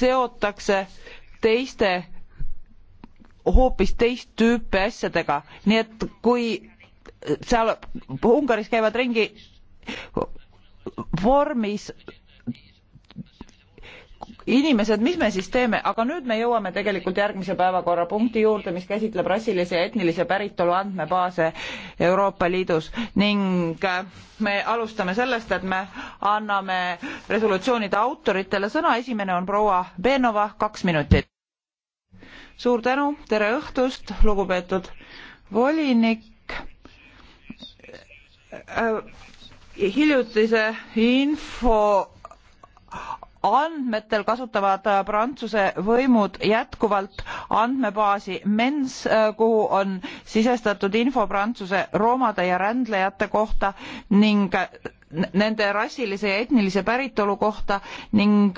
seotakse teiste, hoopis teist tüüpi asjadega, nii et kui seal Ungaris käivad ringi vormis inimesed, mis me siis teeme, aga nüüd me jõuame tegelikult järgmise päevakorrapunkti juurde, mis käsitleb rassilise ja etnilise päritolu andmebaase Euroopa Liidus ning äh, me alustame sellest, et me anname resolutsioonide autoritele sõna, esimene on proua Benova, kaks minutit. suur tänu, tere õhtust, lugupeetud volinik äh, hiljutise info andmetel kasutavad äh, Prantsuse võimud jätkuvalt andmebaasi MENS, äh, kuhu on sisestatud info Prantsuse roomade ja rändlejate kohta ning äh, nende rassilise ja etnilise päritolu kohta ning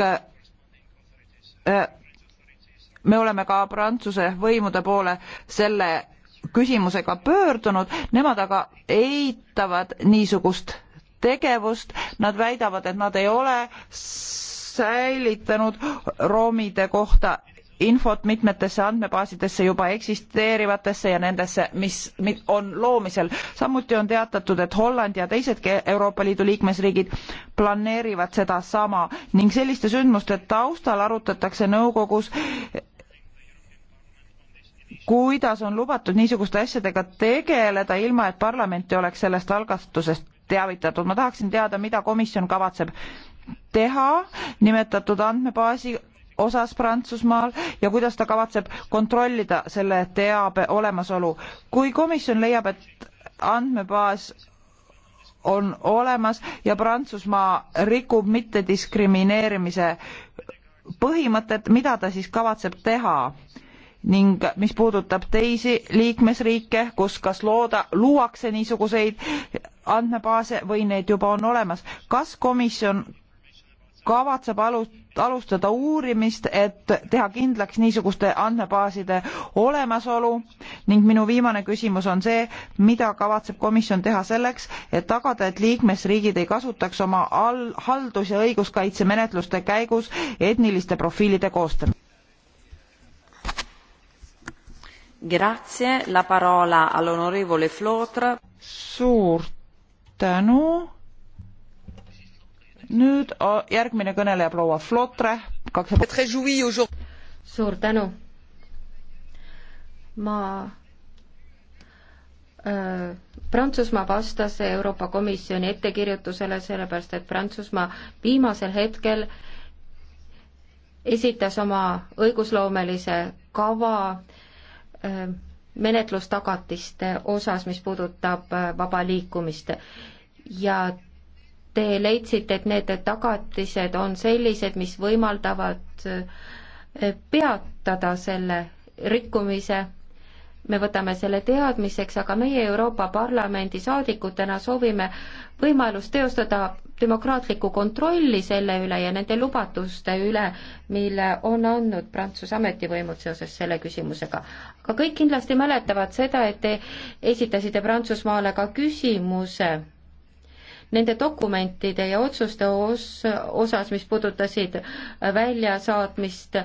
me oleme ka Prantsuse võimude poole selle küsimusega pöördunud, nemad aga eitavad niisugust tegevust, nad väidavad, et nad ei ole säilitanud roomide kohta infot mitmetesse andmebaasidesse juba eksisteerivatesse ja nendesse mis on loomisel samuti on teatatud et holland ja teisedki euroopa liidu liikmesriigid planeerivad sedasama ning selliste sündmuste taustal arutatakse nõukogus kuidas on lubatud niisuguste asjadega tegeleda ilma et parlamenti oleks sellest algatusest teavitatud ma tahaksin teada mida komisjon kavatseb teha nimetatud andmebaasi osas Prantsusmaal ja kuidas ta kavatseb kontrollida selle teabe olemasolu. kui komisjon leiab, et andmebaas on olemas ja Prantsusmaa rikub mittediskrimineerimise põhimõtet, mida ta siis kavatseb teha? ning mis puudutab teisi liikmesriike, kus kas looda, luuakse niisuguseid andmebaase või need juba on olemas, kas komisjon kavatseb alust, alustada uurimist, et teha kindlaks niisuguste andmebaaside olemasolu ning minu viimane küsimus on see, mida kavatseb komisjon teha selleks, et tagada, et liikmesriigid ei kasutaks oma all, haldus- ja õiguskaitsemenetluste käigus etniliste profiilide koostamist. Grazie, la parola all'onorevole Flotre. suur tänu nüüd järgmine kõneleja proua Flotre, kaks ja suur tänu. ma äh, Prantsusmaa vastas Euroopa Komisjoni ettekirjutusele, sellepärast et Prantsusmaa viimasel hetkel esitas oma õigusloomelise kava äh, menetlustagatiste osas, mis puudutab äh, vaba liikumist ja te leidsite, et need tagatised on sellised, mis võimaldavad eh, peatada selle rikkumise. me võtame selle teadmiseks, aga meie Euroopa Parlamendi saadikutena soovime võimalust teostada demokraatlikku kontrolli selle üle ja nende lubatuste üle, mille on andnud Prantsuse ametivõimud seoses selle küsimusega. aga kõik kindlasti mäletavad seda, et te esitasite Prantsusmaale ka küsimuse nende dokumentide ja otsuste os-, osas, mis puudutasid väljasaatmist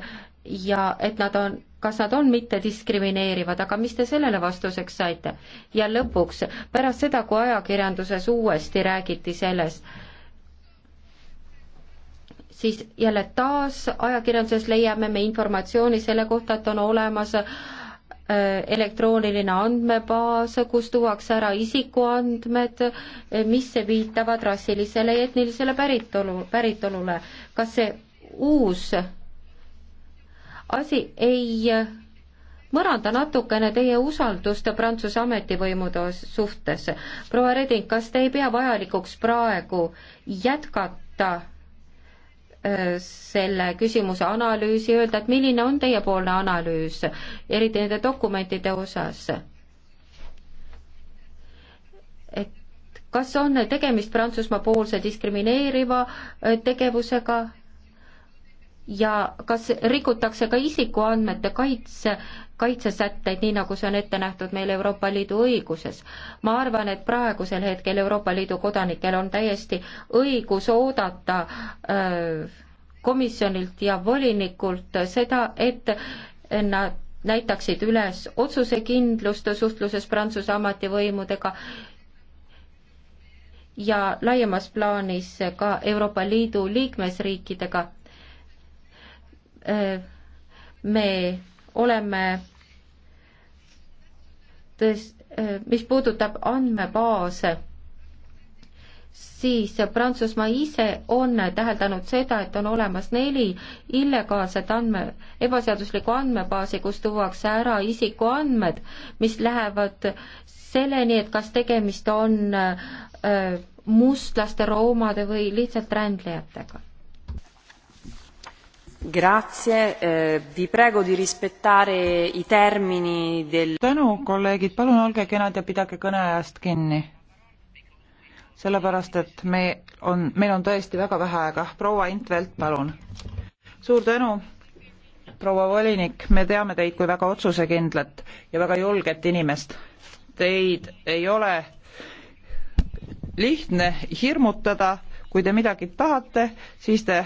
ja et nad on, kas nad on mittediskrimineerivad, aga mis te sellele vastuseks saite? ja lõpuks, pärast seda, kui ajakirjanduses uuesti räägiti sellest, siis jälle taas ajakirjanduses leiame me informatsiooni selle kohta, et on olemas äh, Äh, elektrooniline andmebaas, kus tuuakse ära isikuandmed, äh, mis viitavad rassilisele ja etnilisele päritolu, päritolule. kas see uus asi ei äh, mõranda natukene teie usaldust Prantsuse ametivõimude suhtes. proua Reding, kas te ei pea vajalikuks praegu jätkata selle küsimuse analüüsi, öelda, et milline on teiepoolne analüüs, eriti nende dokumentide osas. et kas on tegemist Prantsusmaa poolse diskrimineeriva äh, tegevusega ja kas rikutakse ka isikuandmete kaitse, kaitsesätteid, nii nagu see on ette nähtud meil Euroopa Liidu õiguses. ma arvan, et praegusel hetkel Euroopa Liidu kodanikel on täiesti õigus oodata öö, äh, komisjonilt ja volinikult seda, et nad näitaksid üles otsusekindlust suhtluses Prantsuse ametivõimudega ja laiemas plaanis ka Euroopa Liidu liikmesriikidega Äh, me oleme tõest-, äh, mis puudutab andmebaase, siis Prantsusmaa ise on täheldanud seda, et on olemas neli illegaalset andme, ebaseaduslikku andmebaasi, kus tuuakse ära isikuandmed, mis lähevad selleni, et kas tegemist on äh, mustlaste, roomade või lihtsalt rändlejatega Grazie, eh, vi prego di rispettare i termini del... tänu, kolleegid, palun olge kenad ja pidage kõneajast kinni. sellepärast, et me on, meil on tõesti väga vähe aega. proua Intvelt, palun. suur tänu, proua volinik, me teame teid kui väga otsusekindlat ja väga julget inimest. Teid ei ole lihtne hirmutada, kui te midagi tahate, siis te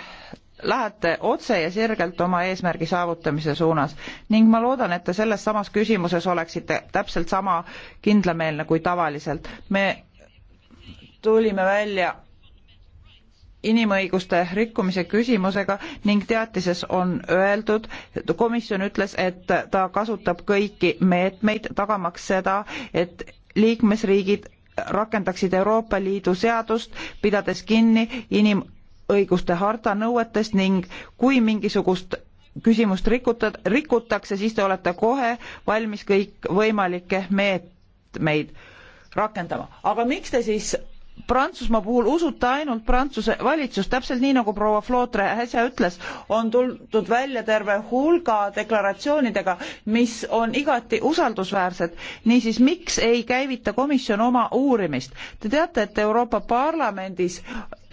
lähete otse ja sirgelt oma eesmärgi saavutamise suunas ning ma loodan, et te selles samas küsimuses oleksite täpselt sama kindlameelne kui tavaliselt. me tulime välja inimõiguste rikkumise küsimusega ning teatises on öeldud, komisjon ütles, et ta kasutab kõiki meetmeid, tagamaks seda, et liikmesriigid rakendaksid Euroopa Liidu seadust, pidades kinni inim-, põhiõiguste harta nõuetest ning kui mingisugust küsimust rikuta, rikutakse, siis te olete kohe valmis kõikvõimalikke meetmeid rakendama. aga miks te siis Prantsusmaa puhul usute ainult Prantsuse valitsust, täpselt nii nagu proua Flootre äsja ütles, on tuldud välja terve hulga deklaratsioonidega, mis on igati usaldusväärsed. niisiis, miks ei käivita komisjon oma uurimist? Te teate, et Euroopa Parlamendis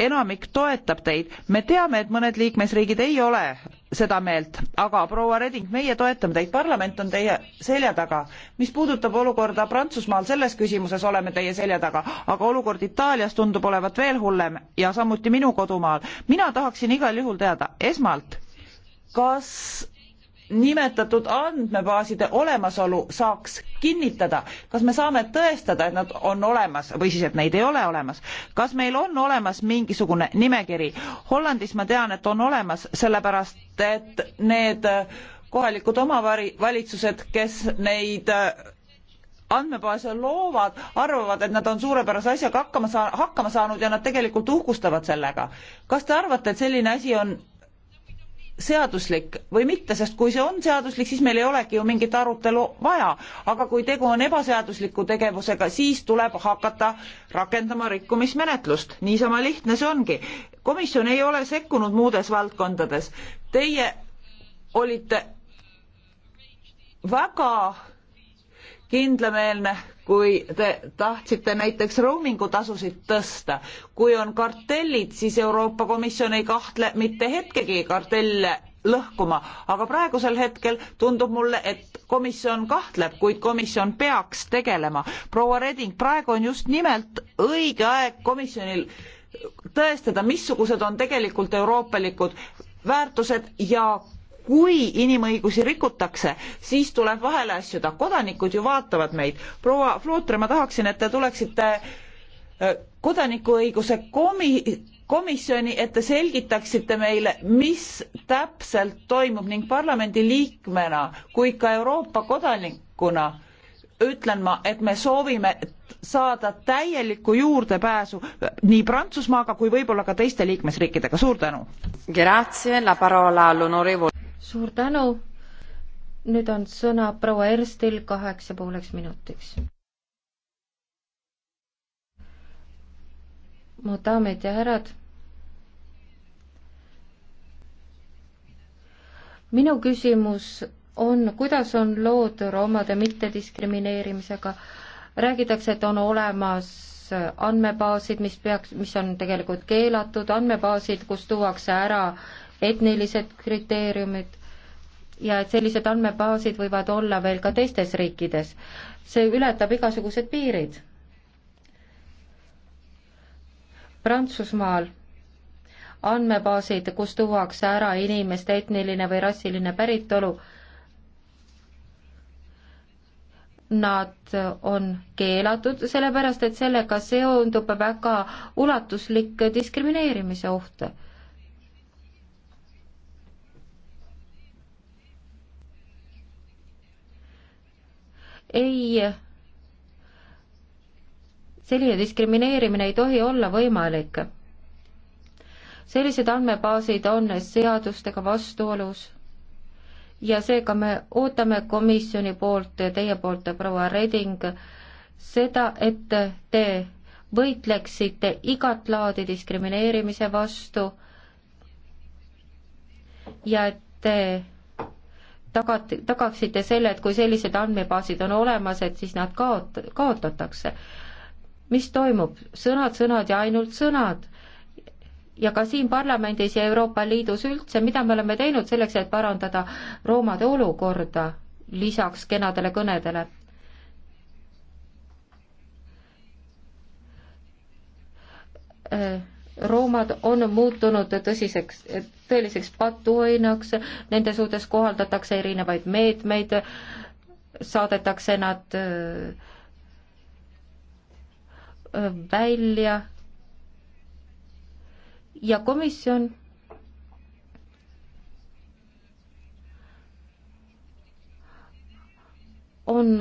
enamik toetab teid. me teame, et mõned liikmesriigid ei ole seda meelt, aga proua Reding, meie toetame teid, parlament on teie selja taga. mis puudutab olukorda Prantsusmaal, selles küsimuses oleme teie selja taga, aga olukord Itaalias tundub olevat veel hullem ja samuti minu kodumaal. mina tahaksin igal juhul teada, esmalt, kas nimetatud andmebaaside olemasolu saaks kinnitada, kas me saame tõestada, et nad on olemas või siis, et neid ei ole olemas. kas meil on olemas mingisugune nimekiri? Hollandis ma tean, et on olemas, sellepärast et need äh, kohalikud omavalitsused, kes neid äh, andmebaase loovad, arvavad, et nad on suurepärase asjaga hakkama saa-, hakkama saanud ja nad tegelikult uhkustavad sellega. kas te arvate, et selline asi on seaduslik või mitte, sest kui see on seaduslik, siis meil ei olegi ju mingit arutelu vaja, aga kui tegu on ebaseadusliku tegevusega, siis tuleb hakata rakendama rikkumismenetlust, niisama lihtne see ongi. komisjon ei ole sekkunud muudes valdkondades. Teie olite väga kindlameelne, kui te tahtsite näiteks roamingu tasusid tõsta. kui on kartellid, siis Euroopa Komisjon ei kahtle mitte hetkegi kartelle lõhkuma, aga praegusel hetkel tundub mulle, et komisjon kahtleb, kuid komisjon peaks tegelema. proua Reding, praegu on just nimelt õige aeg komisjonil tõestada, missugused on tegelikult euroopalikud väärtused ja kui inimõigusi rikutakse, siis tuleb vahele asjuda, kodanikud ju vaatavad meid. proua Flootre, ma tahaksin, et te tuleksite äh, kodanikuõiguse komi-, komisjoni, et te selgitaksite meile, mis täpselt toimub ning parlamendi liikmena kui ka Euroopa kodanikuna ütlen ma, et me soovime saada täielikku juurdepääsu nii Prantsusmaaga kui võib-olla ka teiste liikmesriikidega, suur tänu suur tänu. nüüd on sõna proua Erstil kaheks ja pooleks minutiks. mu daamid ja härrad. minu küsimus on, kuidas on lood roomade mittediskrimineerimisega? räägitakse, et on olemas andmebaasid, mis peaks, mis on tegelikult keelatud, andmebaasid, kus tuuakse ära etnilised kriteeriumid, ja et sellised andmebaasid võivad olla veel ka teistes riikides. see ületab igasugused piirid. Prantsusmaal andmebaasid, kus tuuakse ära inimeste etniline või rassiline päritolu, nad on keelatud, sellepärast et sellega seondub väga ulatuslik diskrimineerimise oht ei, selline diskrimineerimine ei tohi olla võimalik. sellised andmebaasid on seadustega vastuolus ja seega me ootame komisjoni poolt ja teie poolt, proua Reding, seda, et te võitleksite igat laadi diskrimineerimise vastu ja et te tagati, tagaksite selle, et kui sellised andmebaasid on olemas, et siis nad kaot-, kaotatakse? mis toimub? sõnad, sõnad ja ainult sõnad. ja ka siin parlamendis ja Euroopa Liidus üldse, mida me oleme teinud selleks, et parandada roomade olukorda lisaks kenadele kõnedele? Uh... Äh roomad on muutunud tõsiseks, tõeliseks patuoinaks, nende suhtes kohaldatakse erinevaid meetmeid, saadetakse nad äh, välja ja komisjon on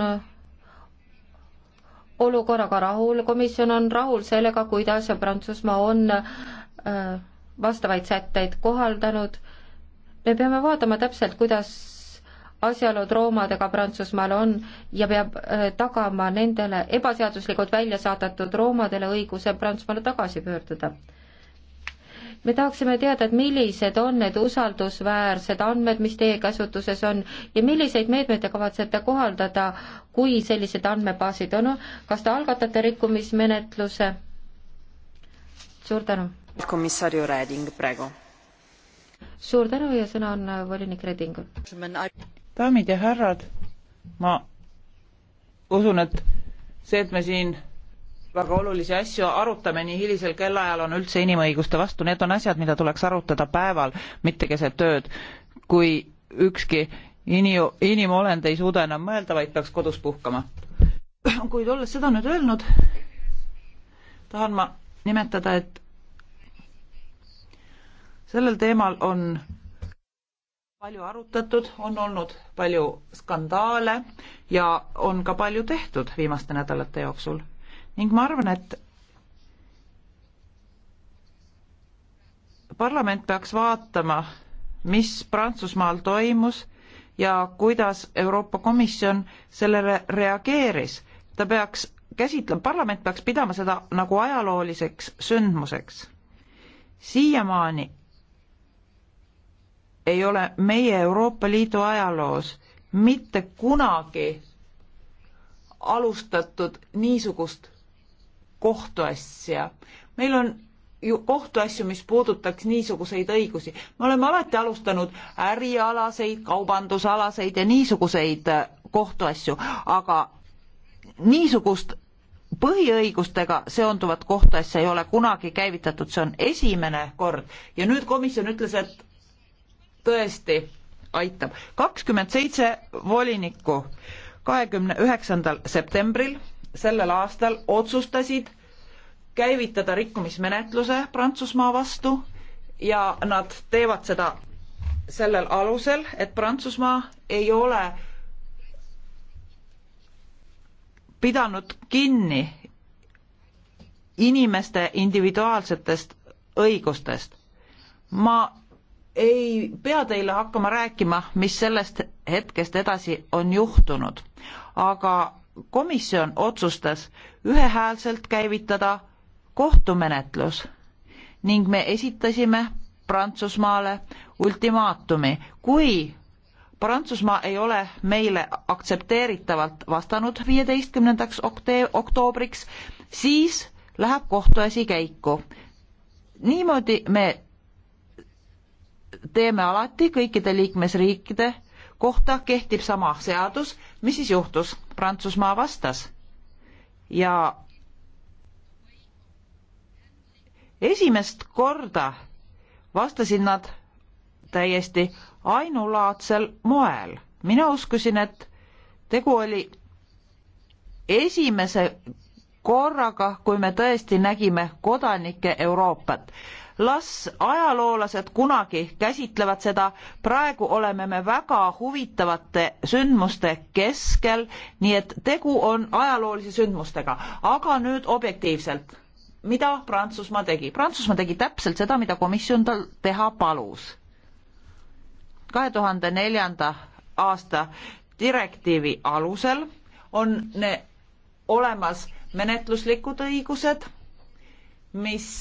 olukorraga rahul, komisjon on rahul sellega, kuidas Prantsusmaa on äh, vastavaid sätteid kohaldanud. me peame vaatama täpselt, kuidas asjaolud roomadega Prantsusmaal on ja peab äh, tagama nendele ebaseaduslikult välja saadetud roomadele õiguse Prantsusmaale tagasi pöörduda me tahaksime teada, et millised on need usaldusväärsed andmed, mis teie käsutuses on ja milliseid meetmeid te kavatsete kohaldada, kui sellised andmebaasid on, kas te algatate rikkumismenetluse? suur tänu. komissario Reding, praegu. suur tänu ja sõna on äh, volinik Redingul. daamid ja härrad, ma usun, et see, et me siin väga olulisi asju arutame nii hilisel kellaajal, on üldse inimõiguste vastu, need on asjad, mida tuleks arutada päeval, mitte keset ööd, kui ükski ini-, inimolend ei suuda enam mõelda, vaid peaks kodus puhkama. kuid olles seda nüüd öelnud, tahan ma nimetada, et sellel teemal on palju arutatud, on olnud palju skandaale ja on ka palju tehtud viimaste nädalate jooksul ning ma arvan, et parlament peaks vaatama, mis Prantsusmaal toimus ja kuidas Euroopa Komisjon sellele reageeris. ta peaks käsitlema, parlament peaks pidama seda nagu ajalooliseks sündmuseks. siiamaani ei ole meie Euroopa Liidu ajaloos mitte kunagi alustatud niisugust kohtuasja. meil on ju kohtuasju, mis puudutaks niisuguseid õigusi. me oleme alati alustanud ärialaseid, kaubandusalaseid ja niisuguseid äh, kohtuasju, aga niisugust põhiõigustega seonduvat kohtuasja ei ole kunagi käivitatud, see on esimene kord ja nüüd komisjon ütles, et tõesti aitab. kakskümmend seitse volinikku kahekümne üheksandal septembril sellel aastal otsustasid käivitada rikkumismenetluse Prantsusmaa vastu ja nad teevad seda sellel alusel, et Prantsusmaa ei ole pidanud kinni inimeste individuaalsetest õigustest. ma ei pea teile hakkama rääkima, mis sellest hetkest edasi on juhtunud, aga komisjon otsustas ühehäälselt käivitada kohtumenetlus ning me esitasime Prantsusmaale ultimaatumi, kui Prantsusmaa ei ole meile aktsepteeritavalt vastanud viieteistkümnendaks oktoobriks, siis läheb kohtuasi käiku. niimoodi me teeme alati kõikide liikmesriikide kohta kehtib sama seadus, mis siis juhtus? Prantsusmaa vastas ja esimest korda vastasid nad täiesti ainulaadsel moel. mina uskusin, et tegu oli esimese korraga, kui me tõesti nägime kodanike Euroopat las ajaloolased kunagi käsitlevad seda praegu oleme me väga huvitavate sündmuste keskel nii et tegu on ajaloolise sündmustega aga nüüd objektiivselt mida prantsusmaa tegi prantsusmaa tegi täpselt seda mida komisjon tal teha palus kahe tuhande neljanda aasta direktiivi alusel on ne olemas menetluslikud õigused mis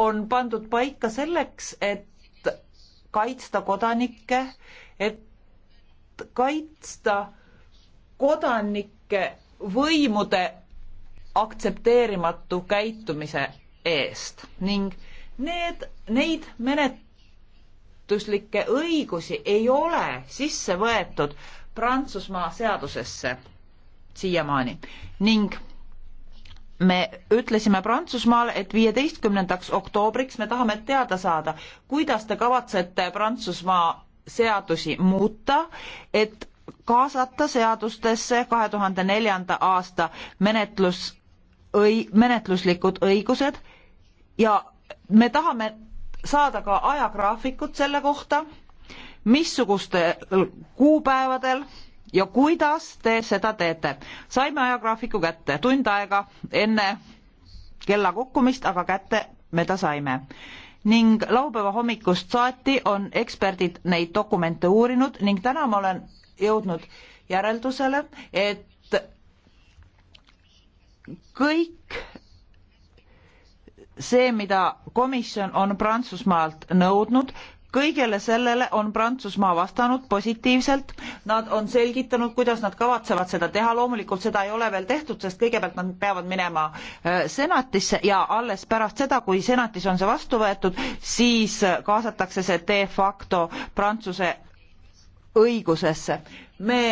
on pandud paika selleks, et kaitsta kodanikke, et kaitsta kodanike võimude aktsepteerimatu käitumise eest ning need, neid menetluslikke õigusi ei ole sisse võetud Prantsusmaa seadusesse siiamaani ning me ütlesime Prantsusmaale, et viieteistkümnendaks oktoobriks me tahame teada saada, kuidas te kavatsete Prantsusmaa seadusi muuta, et kaasata seadustesse kahe tuhande neljanda aasta menetlus, menetluslikud õigused ja me tahame saada ka ajagraafikut selle kohta, missugustel kuupäevadel ja kuidas te seda teete? saime ajagraafiku kätte tund aega enne kella kukkumist, aga kätte me ta saime. ning laupäeva hommikust saati on eksperdid neid dokumente uurinud ning täna ma olen jõudnud järeldusele, et kõik see, mida komisjon on Prantsusmaalt nõudnud, kõigele sellele on Prantsusmaa vastanud positiivselt, nad on selgitanud, kuidas nad kavatsevad seda teha, loomulikult seda ei ole veel tehtud, sest kõigepealt nad peavad minema äh, senatisse ja alles pärast seda, kui senatis on see vastu võetud, siis äh, kaasatakse see de facto Prantsuse õigusesse. me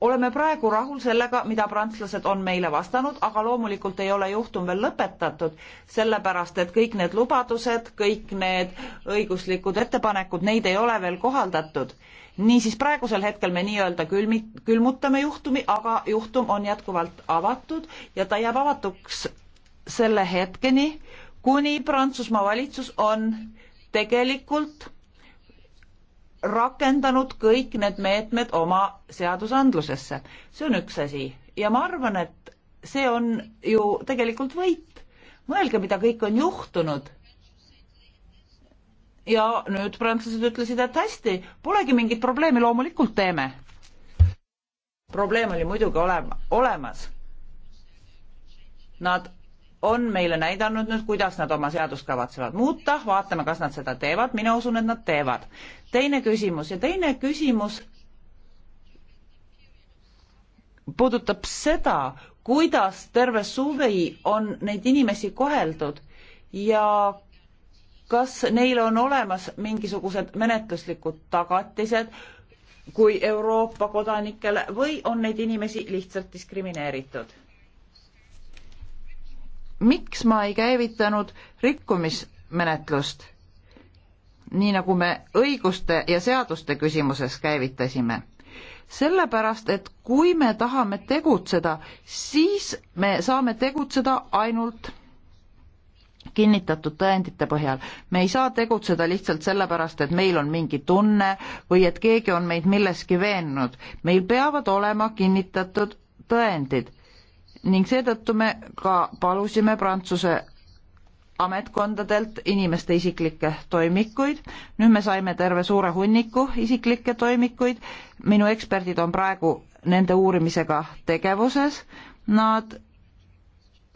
oleme praegu rahul sellega, mida prantslased on meile vastanud, aga loomulikult ei ole juhtum veel lõpetatud, sellepärast et kõik need lubadused, kõik need õiguslikud ettepanekud, neid ei ole veel kohaldatud. niisiis praegusel hetkel me nii-öelda külmi-, külmutame juhtumi, aga juhtum on jätkuvalt avatud ja ta jääb avatuks selle hetkeni, kuni Prantsusmaa valitsus on tegelikult rakendanud kõik need meetmed oma seadusandlusesse. see on üks asi ja ma arvan, et see on ju tegelikult võit. mõelge, mida kõik on juhtunud. ja nüüd prantslased ütlesid, et hästi, polegi mingit probleemi, loomulikult teeme. probleem oli muidugi olema, olemas. Nad on meile näidanud nüüd, kuidas nad oma seadust kavatsevad muuta, vaatame, kas nad seda teevad, mina usun, et nad teevad. teine küsimus ja teine küsimus puudutab seda, kuidas terve suvi on neid inimesi koheldud ja kas neil on olemas mingisugused menetluslikud tagatised kui Euroopa kodanikele või on neid inimesi lihtsalt diskrimineeritud miks ma ei käivitanud rikkumismenetlust, nii nagu me õiguste ja seaduste küsimuses käivitasime? sellepärast, et kui me tahame tegutseda, siis me saame tegutseda ainult kinnitatud tõendite põhjal. me ei saa tegutseda lihtsalt sellepärast, et meil on mingi tunne või et keegi on meid milleski veennud. meil peavad olema kinnitatud tõendid ning seetõttu me ka palusime Prantsuse ametkondadelt inimeste isiklikke toimikuid. nüüd me saime terve suure hunniku isiklikke toimikuid. minu eksperdid on praegu nende uurimisega tegevuses. Nad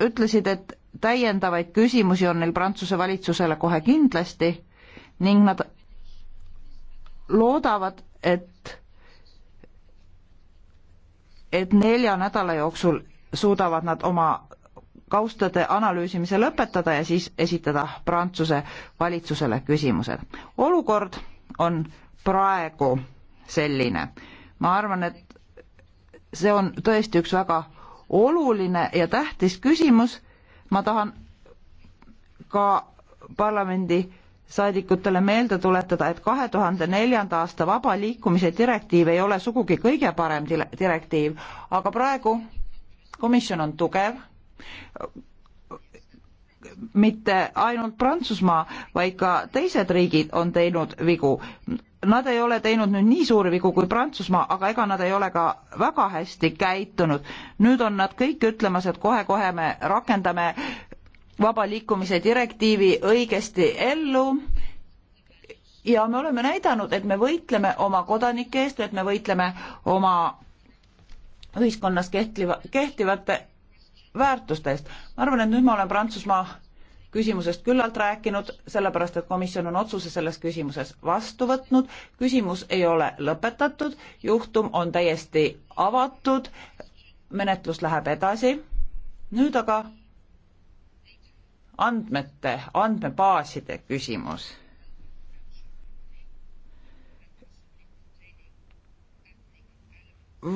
ütlesid, et täiendavaid küsimusi on neil Prantsuse valitsusele kohe kindlasti ning nad loodavad, et et nelja nädala jooksul suudavad nad oma kaustade analüüsimise lõpetada ja siis esitada Prantsuse valitsusele küsimused. olukord on praegu selline. ma arvan, et see on tõesti üks väga oluline ja tähtis küsimus. ma tahan ka parlamendi saadikutele meelde tuletada, et kahe tuhande neljanda aasta vaba liikumise direktiiv ei ole sugugi kõige parem direktiiv, aga praegu komisjon on tugev, mitte ainult Prantsusmaa, vaid ka teised riigid on teinud vigu. Nad ei ole teinud nüüd nii suuri vigu kui Prantsusmaa, aga ega nad ei ole ka väga hästi käitunud. nüüd on nad kõik ütlemas, et kohe-kohe me rakendame vaba liikumise direktiivi õigesti ellu ja me oleme näidanud, et me võitleme oma kodanike eest, et me võitleme oma ühiskonnas kehtiva, kehtivate väärtuste eest. ma arvan, et nüüd ma olen Prantsusmaa küsimusest küllalt rääkinud, sellepärast et komisjon on otsuse selles küsimuses vastu võtnud, küsimus ei ole lõpetatud, juhtum on täiesti avatud, menetlus läheb edasi, nüüd aga andmete, andmebaaside küsimus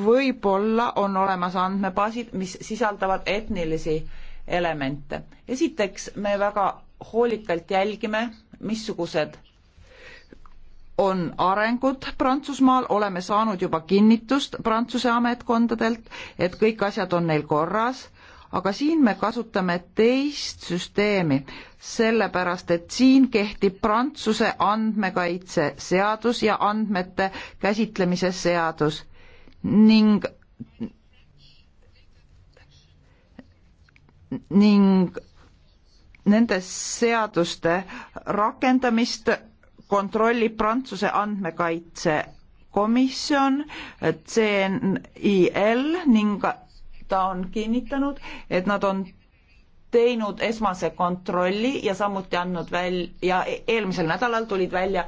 võib-olla on olemas andmebaasid, mis sisaldavad etnilisi elemente. esiteks, me väga hoolikalt jälgime, missugused on arengud Prantsusmaal, oleme saanud juba kinnitust Prantsuse ametkondadelt, et kõik asjad on neil korras, aga siin me kasutame teist süsteemi, sellepärast et siin kehtib Prantsuse andmekaitseseadus ja andmete käsitlemise seadus ning ning nende seaduste rakendamist kontrollib Prantsuse andmekaitsekomisjon CNIL ning ta on kinnitanud, et nad on teinud esmase kontrolli ja samuti andnud välja ja e-, eelmisel nädalal tulid välja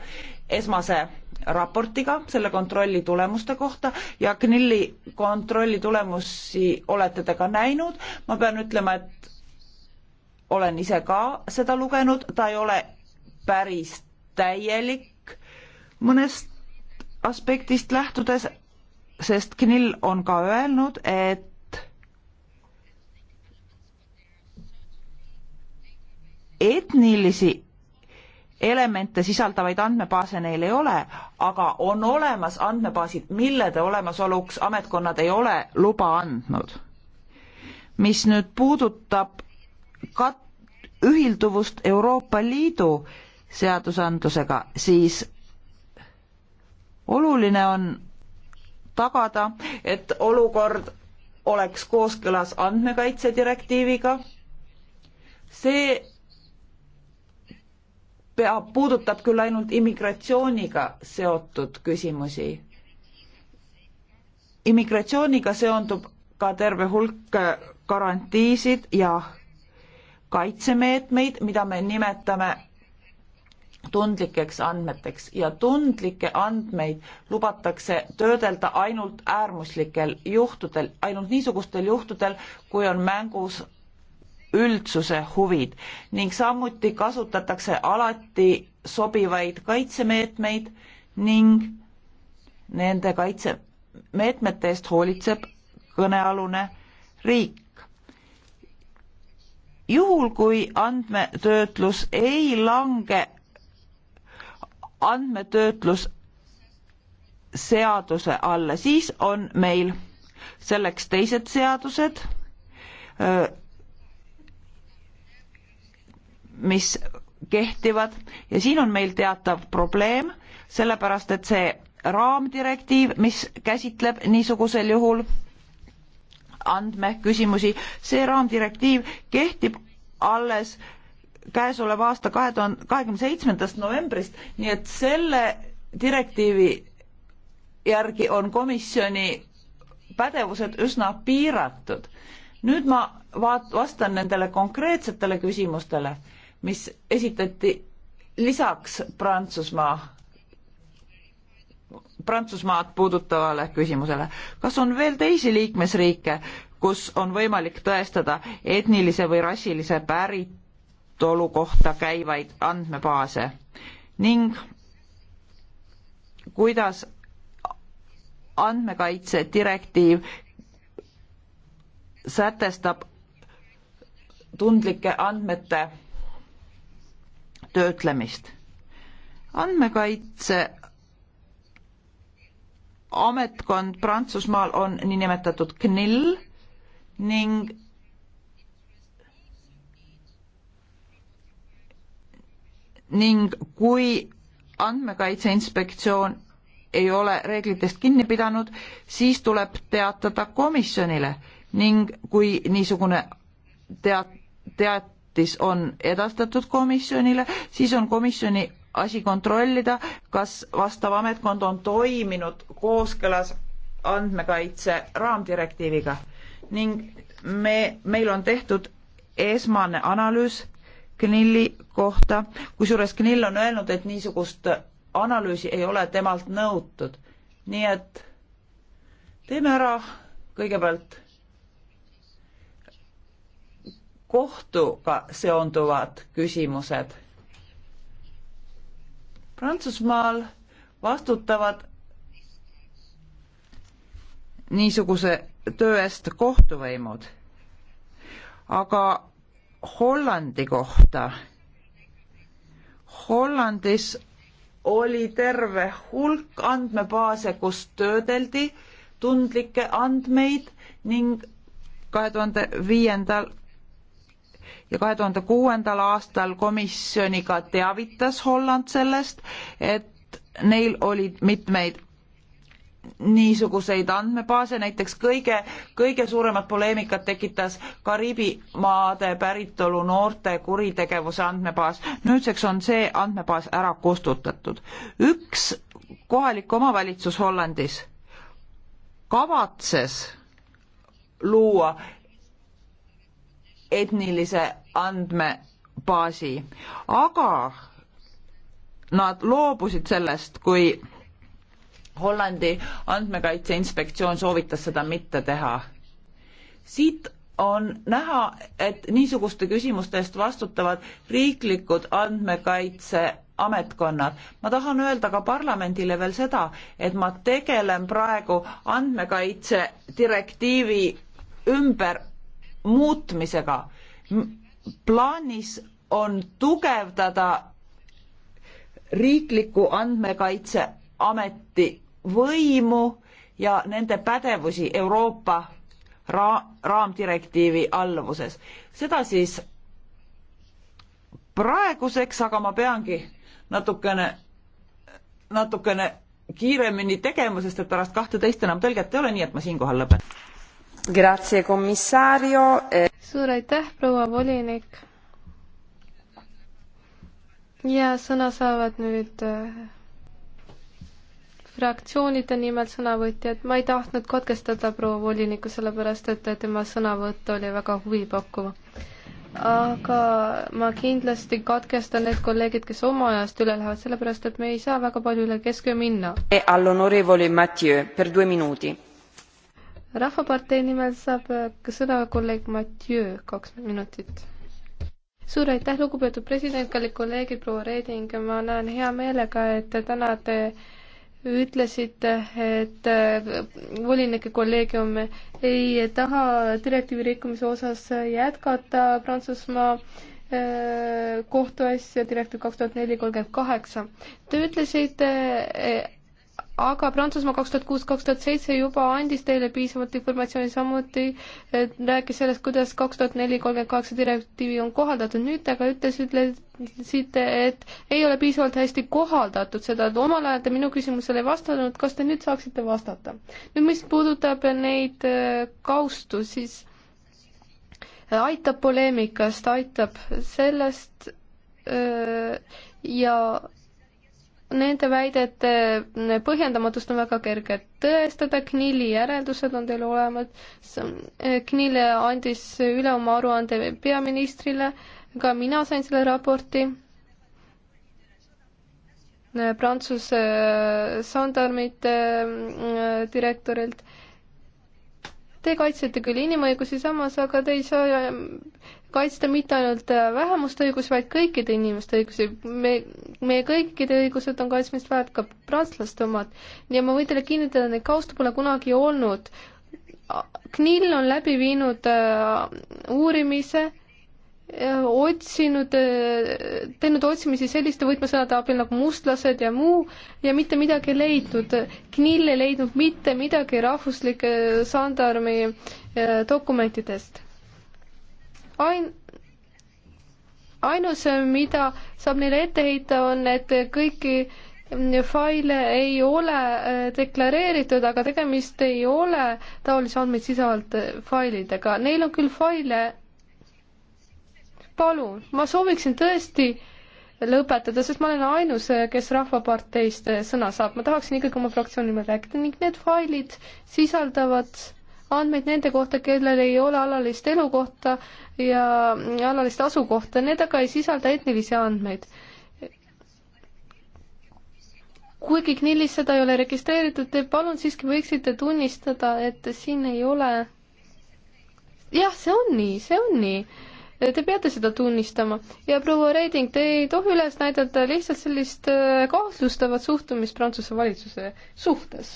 esmase raportiga selle kontrolli tulemuste kohta ja CNIL-i kontrolli tulemusi olete te ka näinud. ma pean ütlema, et olen ise ka seda lugenud, ta ei ole päris täielik mõnest aspektist lähtudes, sest CNIL on ka öelnud, et etnilisi elemente sisaldavaid andmebaase neil ei ole, aga on olemas andmebaasid, millede olemasoluks ametkonnad ei ole luba andnud. mis nüüd puudutab kat-, ühilduvust Euroopa Liidu seadusandlusega, siis oluline on tagada, et olukord oleks kooskõlas andmekaitse direktiiviga, see peab, puudutab küll ainult immigratsiooniga seotud küsimusi. immigratsiooniga seondub ka terve hulk garantiisid ja kaitsemeetmeid, mida me nimetame tundlikeks andmeteks ja tundlikke andmeid lubatakse töödelda ainult äärmuslikel juhtudel, ainult niisugustel juhtudel, kui on mängus üldsuse huvid ning samuti kasutatakse alati sobivaid kaitsemeetmeid ning nende kaitsemeetmete eest hoolitseb kõnealune riik. juhul, kui andmetöötlus ei lange andmetöötlusseaduse alla, siis on meil selleks teised seadused mis kehtivad ja siin on meil teatav probleem, sellepärast et see raamdirektiiv, mis käsitleb niisugusel juhul andmeküsimusi, see raamdirektiiv kehtib alles käesoleva aasta kahe tuhande kahekümne seitsmendast novembrist, nii et selle direktiivi järgi on komisjoni pädevused üsna piiratud. nüüd ma vaat-, vastan nendele konkreetsetele küsimustele mis esitati lisaks Prantsusmaa, Prantsusmaad puudutavale küsimusele. kas on veel teisi liikmesriike, kus on võimalik tõestada etnilise või rassilise päritolu kohta käivaid andmebaase ning kuidas andmekaitse direktiiv sätestab tundlike andmete töötlemist. andmekaitse ametkond Prantsusmaal on niinimetatud CNIL ning ning kui andmekaitse inspektsioon ei ole reeglitest kinni pidanud, siis tuleb teatada komisjonile ning kui niisugune teat-, teat-, teatis on edastatud komisjonile, siis on komisjoni asi kontrollida, kas vastav ametkond on toiminud kooskõlas andmekaitse raamdirektiiviga ning me, meil on tehtud esmane analüüs Knilli kohta, kusjuures Knill on öelnud, et niisugust analüüsi ei ole temalt nõutud. nii et teeme ära kõigepealt kohtuga seonduvad küsimused. Prantsusmaal vastutavad niisuguse töö eest kohtuvõimud. aga Hollandi kohta. Hollandis oli terve hulk andmebaase, kus töödeldi tundlikke andmeid ning kahe tuhande viiendal ja kahe tuhande kuuendal aastal komisjoniga teavitas Holland sellest, et neil oli mitmeid niisuguseid andmebaase, näiteks kõige, kõige suuremat poleemikat tekitas Kariibi maade päritolu noorte kuritegevuse andmebaas. nüüdseks on see andmebaas ära kustutatud. üks kohalik omavalitsus Hollandis kavatses luua etnilise andmebaasi, aga nad loobusid sellest, kui Hollandi andmekaitse inspektsioon soovitas seda mitte teha. siit on näha, et niisuguste küsimuste eest vastutavad riiklikud andmekaitse ametkonnad. ma tahan öelda ka parlamendile veel seda, et ma tegelen praegu andmekaitse direktiivi ümber muutmisega. plaanis on tugevdada riikliku andmekaitseameti võimu ja nende pädevusi Euroopa ra raamdirektiivi alluvuses. seda siis praeguseks, aga ma peangi natukene, natukene kiiremini tegema, sest et pärast kahteteist enam tõlget ei ole, nii et ma siinkohal lõpetan. Eh, suur aitäh, proua volinik. ja sõna saavad nüüd eh, fraktsioonide nimel sõnavõtjad, ma ei tahtnud katkestada proua volinikku, sellepärast et tema sõnavõtt oli väga huvipakkuv. aga ma kindlasti katkestan need kolleegid, kes oma ajast üle lähevad, sellepärast et me ei saa väga palju üle kesköö minna rahvapartei nimel saab äh, sõna kolleeg Mathieu, kaks minutit. suur aitäh, lugupeetud president, kallid kolleegid, proua Reding, ma näen hea meelega, et täna te ütlesite, et äh, volinike kolleegium ei taha direktiivi rikkumise osas jätkata Prantsusmaa äh, kohtuasja direktiiv kaks tuhat neli kolmkümmend kaheksa. Te ütlesite, aga Prantsusmaa kaks tuhat kuus, kaks tuhat seitse juba andis teile piisavalt informatsiooni, samuti rääkis sellest, kuidas kaks tuhat neli kolmkümmend kaheksa direktiivi on kohaldatud, nüüd te aga ütlesite, et ei ole piisavalt hästi kohaldatud seda, et omal ajal te minu küsimusele ei vastanud, kas te nüüd saaksite vastata? nüüd, mis puudutab neid äh, kaustu, siis aitab poleemikast, aitab sellest äh, ja Nende väidete põhjendamatust on väga kerge tõestada, Knili järeldused on teil olemas, eh, Knile andis üle oma aruande peaministrile, ka mina sain selle raporti. Prantsuse eh, sandarmite mm, eh, direktorilt Te kaitsete küll inimõigusi samas, aga te ei saa äh, kaitsta mitte ainult äh, vähemuste õigusi, vaid kõikide inimeste õigusi. me, meie kõikide õigused on kaitsmist väärt ka prantslaste omad. ja ma võin teile kinnitada, neid kausta pole kunagi olnud. Knill on läbi viinud äh, uurimise äh, otsinud, teinud otsimisi selliste võtmesõnade abil nagu mustlased ja muu ja mitte midagi leidnud. Knill ei leidnud mitte midagi rahvuslike sandarmi eh, dokumentidest. ain-, ainus, mida saab neile ette heita, on, et kõiki mm, faile ei ole eh, deklareeritud, aga tegemist ei ole taolisi andmeid sisaldavate eh, failidega. Neil on küll faile palun, ma sooviksin tõesti lõpetada, sest ma olen ainus, kes Rahvaparteist sõna saab, ma tahaksin ikkagi oma fraktsiooni nimel rääkida ning need failid sisaldavad andmeid nende kohta, kellel ei ole alalist elukohta ja alalist asukohta, need aga ei sisalda etnilisi andmeid. kuigi CNIL-is seda ei ole registreeritud, te palun siiski võiksite tunnistada, et siin ei ole jah, see on nii, see on nii Te peate seda tunnistama ja proua Reding, te ei tohi üles näidata lihtsalt sellist äh, kahtlustavat suhtumist Prantsuse valitsuse suhtes.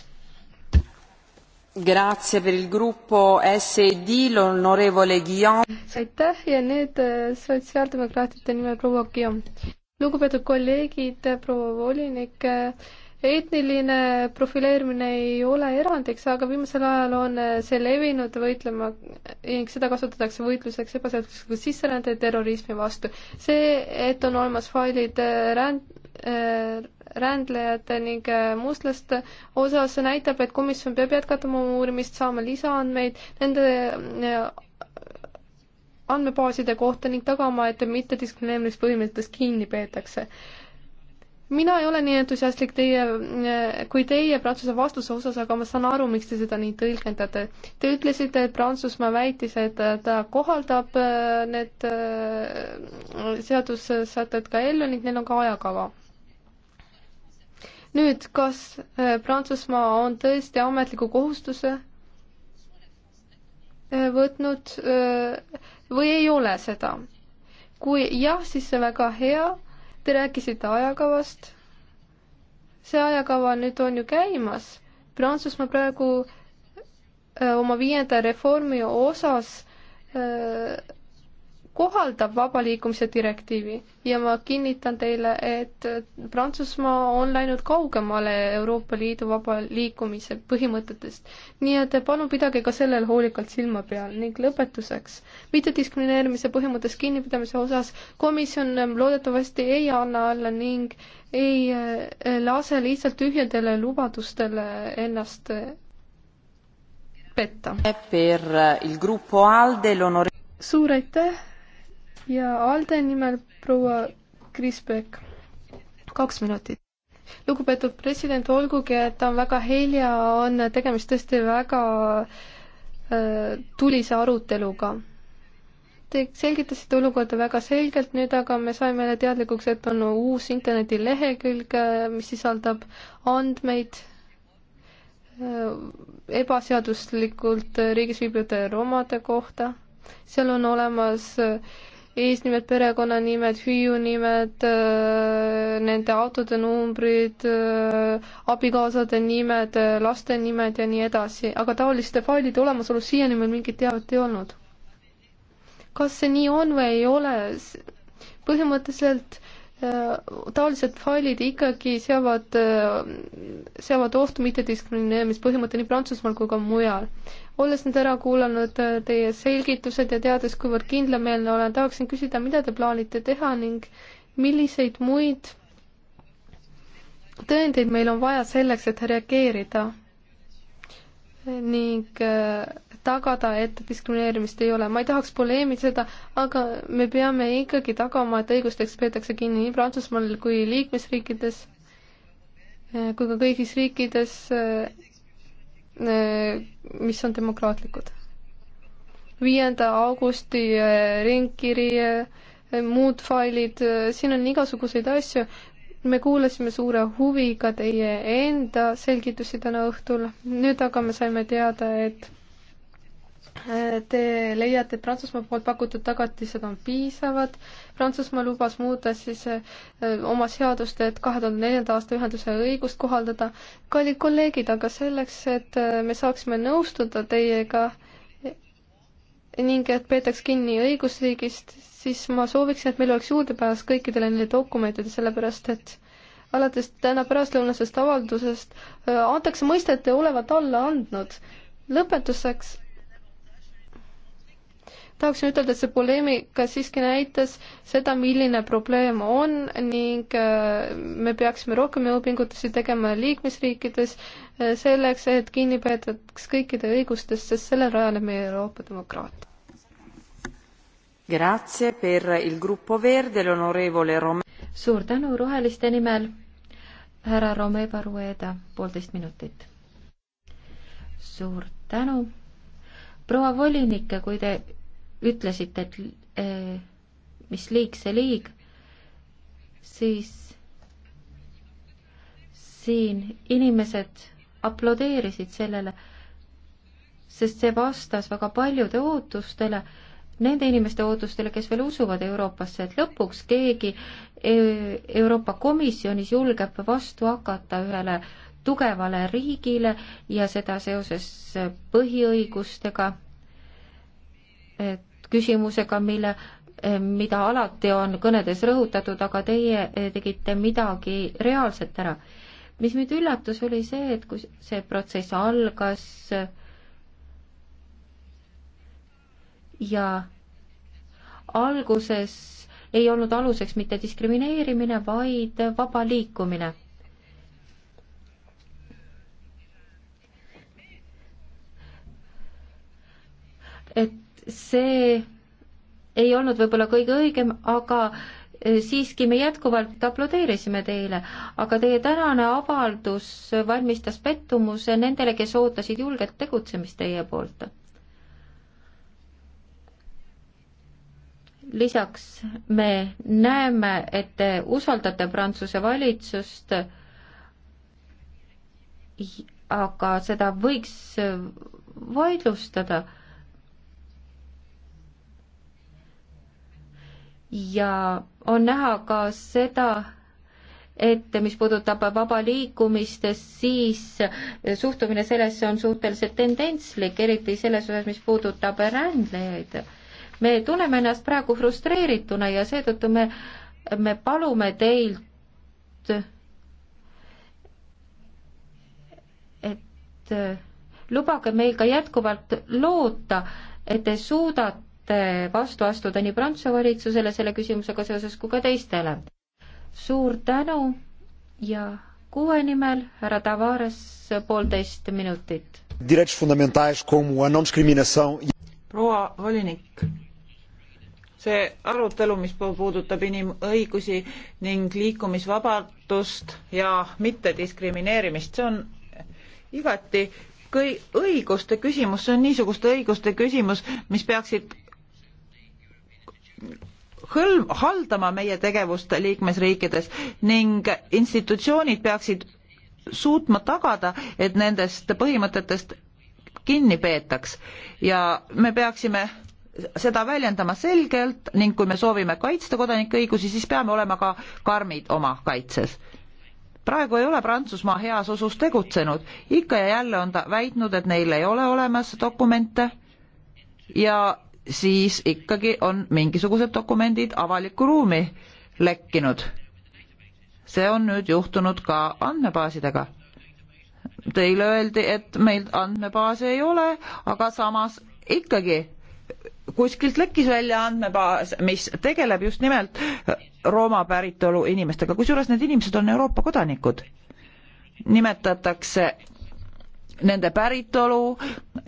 Grazie per il gruppo SD e l'onorevole Guillaume. aitäh ja nüüd äh, sotsiaaldemokraatide nimel proua Guillaume. lugupeetud kolleegid, proua volinik äh, etniline profileerimine ei ole erandiks, aga viimasel ajal on see levinud võitlema ning seda kasutatakse võitluseks ebaseadusliku sisserände ja terrorismi vastu. see, et on olemas failid äh, ränd-, äh, rändlejate ning äh, mustlaste osas, näitab, et komisjon peab jätkatama oma uurimist, saama lisaandmeid nende andmebaaside kohta ning tagama, et mittediskrimineerimispõhimõtetest kinni peetakse mina ei ole nii entusiastlik teie, eh, kui teie Prantsuse vastuse osas, aga ma saan aru, miks te seda nii tõlgendate. Te ütlesite, et Prantsusmaa väitis, et ta kohaldab eh, need eh, seadussätted ka ellu ning neil on ka ajakava. nüüd, kas Prantsusmaa on tõesti ametliku kohustuse võtnud või ei ole seda? kui jah, siis see väga hea Te rääkisite ajakavast. see ajakava nüüd on ju käimas. Prantsusmaa praegu öö, oma viienda reformi osas öö, kohaldab vaba liikumise direktiivi ja ma kinnitan teile, et Prantsusmaa on läinud kaugemale Euroopa Liidu vaba liikumise põhimõtetest. nii et palun pidage ka sellel hoolikalt silma peal ning lõpetuseks, mittediskrimineerimise põhimõttest kinnipidamise osas komisjon loodetavasti ei anna alla ning ei eh, lase lihtsalt tühjadele lubadustele ennast eh, petta. suur aitäh ja Alde nimel proua Krisbek, kaks minutit. lugupeetud president, olgugi et ta on väga hilja, on tegemist tõesti väga äh, tulise aruteluga. Te selgitasite olukorda väga selgelt, nüüd aga me saime teadlikuks, et on uus internetilehekülg, mis sisaldab andmeid äh, ebaseaduslikult riigis viibivate romade kohta. seal on olemas äh, eesnimed, perekonnanimed, hüüunimed, äh, nende autode numbrid, äh, abikaasade nimed, äh, laste nimed ja nii edasi, aga taoliste failide olemasolu siiani meil mingit teavet ei olnud. kas see nii on või ei ole, põhimõtteliselt Äh, taolised failid ikkagi seavad, äh, seavad ohtu mittediskrimineerimispõhimõtte nii Prantsusmaal kui ka mujal. olles nüüd ära kuulanud äh, teie selgitused ja teades, kuivõrd kindlameelne olen, tahaksin küsida, mida te plaanite teha ning milliseid muid tõendeid meil on vaja selleks, et reageerida ning tagada, et diskrimineerimist ei ole. ma ei tahaks poleemitseda, aga me peame ikkagi tagama, et õigusteks peetakse kinni nii Prantsusmaal kui liikmesriikides eh, kui ka kõigis riikides, eh, eh, mis on demokraatlikud. viienda augusti ringkiri, muud failid, siin on igasuguseid asju, me kuulasime suure huviga teie enda selgitusi täna õhtul, nüüd aga me saime teada, et Te leiate, et Prantsusmaa poolt pakutud tagatised on piisavad. Prantsusmaa lubas muuta siis äh, oma seadust, et kahe tuhande neljanda aasta ühenduse õigust kohaldada. kallid kolleegid, aga selleks, et äh, me saaksime nõustuda teiega ning et peetaks kinni õigusriigist, siis ma sooviksin, et meil oleks juurdepääs kõikidele neile dokumentidele, sellepärast et alates täna pärastlõunasest avaldusest äh, antakse mõistete olevat alla andnud. lõpetuseks tahaksin ütelda, et see poleemika siiski näitas seda, milline probleem on ning äh, me peaksime rohkem jõupingutusi tegema liikmesriikides äh, selleks, et kinni peetaks kõikide õigustest, sest sellel rajaneb meie Euroopa demokraatia. Grazie per il gruppo verde l'onorevole Rome-. suur tänu roheliste nimel, härra Romeva Rueda, poolteist minutit. suur tänu. proua volinik, kui te ütlesite, et eh, mis liig, see liig, siis siin inimesed aplodeerisid sellele, sest see vastas väga paljude ootustele, nende inimeste ootustele, kes veel usuvad Euroopasse, et lõpuks keegi eh, Euroopa Komisjonis julgeb vastu hakata ühele tugevale riigile ja seda seoses põhiõigustega, et küsimusega, mille, eh, mida alati on kõnedes rõhutatud, aga teie eh, tegite midagi reaalset ära. mis mind üllatus, oli see, et kui see protsess algas eh, ja alguses ei olnud aluseks mitte diskrimineerimine, vaid vaba liikumine et see ei olnud võib-olla kõige õigem, aga eh, siiski me jätkuvalt aplodeerisime teile, aga teie tänane avaldus valmistas pettumuse nendele, kes ootasid julget tegutsemist teie poolt. lisaks me näeme, et te usaldate Prantsuse valitsust, aga seda võiks vaidlustada ja on näha ka seda, et mis puudutab vaba liikumist, siis suhtumine sellesse on suhteliselt tendentslik, eriti selles osas, mis puudutab rändlejaid. me tunneme ennast praegu frustreerituna ja seetõttu me, me palume teilt, et lubage meil ka jätkuvalt loota, et te suudate saate vastu astuda nii Prantsuse valitsusele selle küsimusega seoses kui ka teistele. suur tänu ja kuue nimel härra Tavares poolteist minutit. E proua volinik, see arutelu, mis puudutab inimõigusi ning liikumisvabadust ja mittediskrimineerimist, see on igati kõi-, õiguste küsimus, see on niisuguste õiguste küsimus, mis peaksid hõlm, haldama meie tegevust liikmesriikides ning institutsioonid peaksid suutma tagada, et nendest põhimõtetest kinni peetaks ja me peaksime seda väljendama selgelt ning kui me soovime kaitsta kodanike õigusi, siis peame olema ka karmid oma kaitses. praegu ei ole Prantsusmaa heas usus tegutsenud, ikka ja jälle on ta väitnud, et neil ei ole olemas dokumente ja siis ikkagi on mingisugused dokumendid avalikku ruumi lekkinud. see on nüüd juhtunud ka andmebaasidega. Teile öeldi, et meil andmebaasi ei ole, aga samas ikkagi kuskilt lekkis välja andmebaas, mis tegeleb just nimelt Rooma päritolu inimestega, kusjuures need inimesed on Euroopa kodanikud. nimetatakse nende päritolu,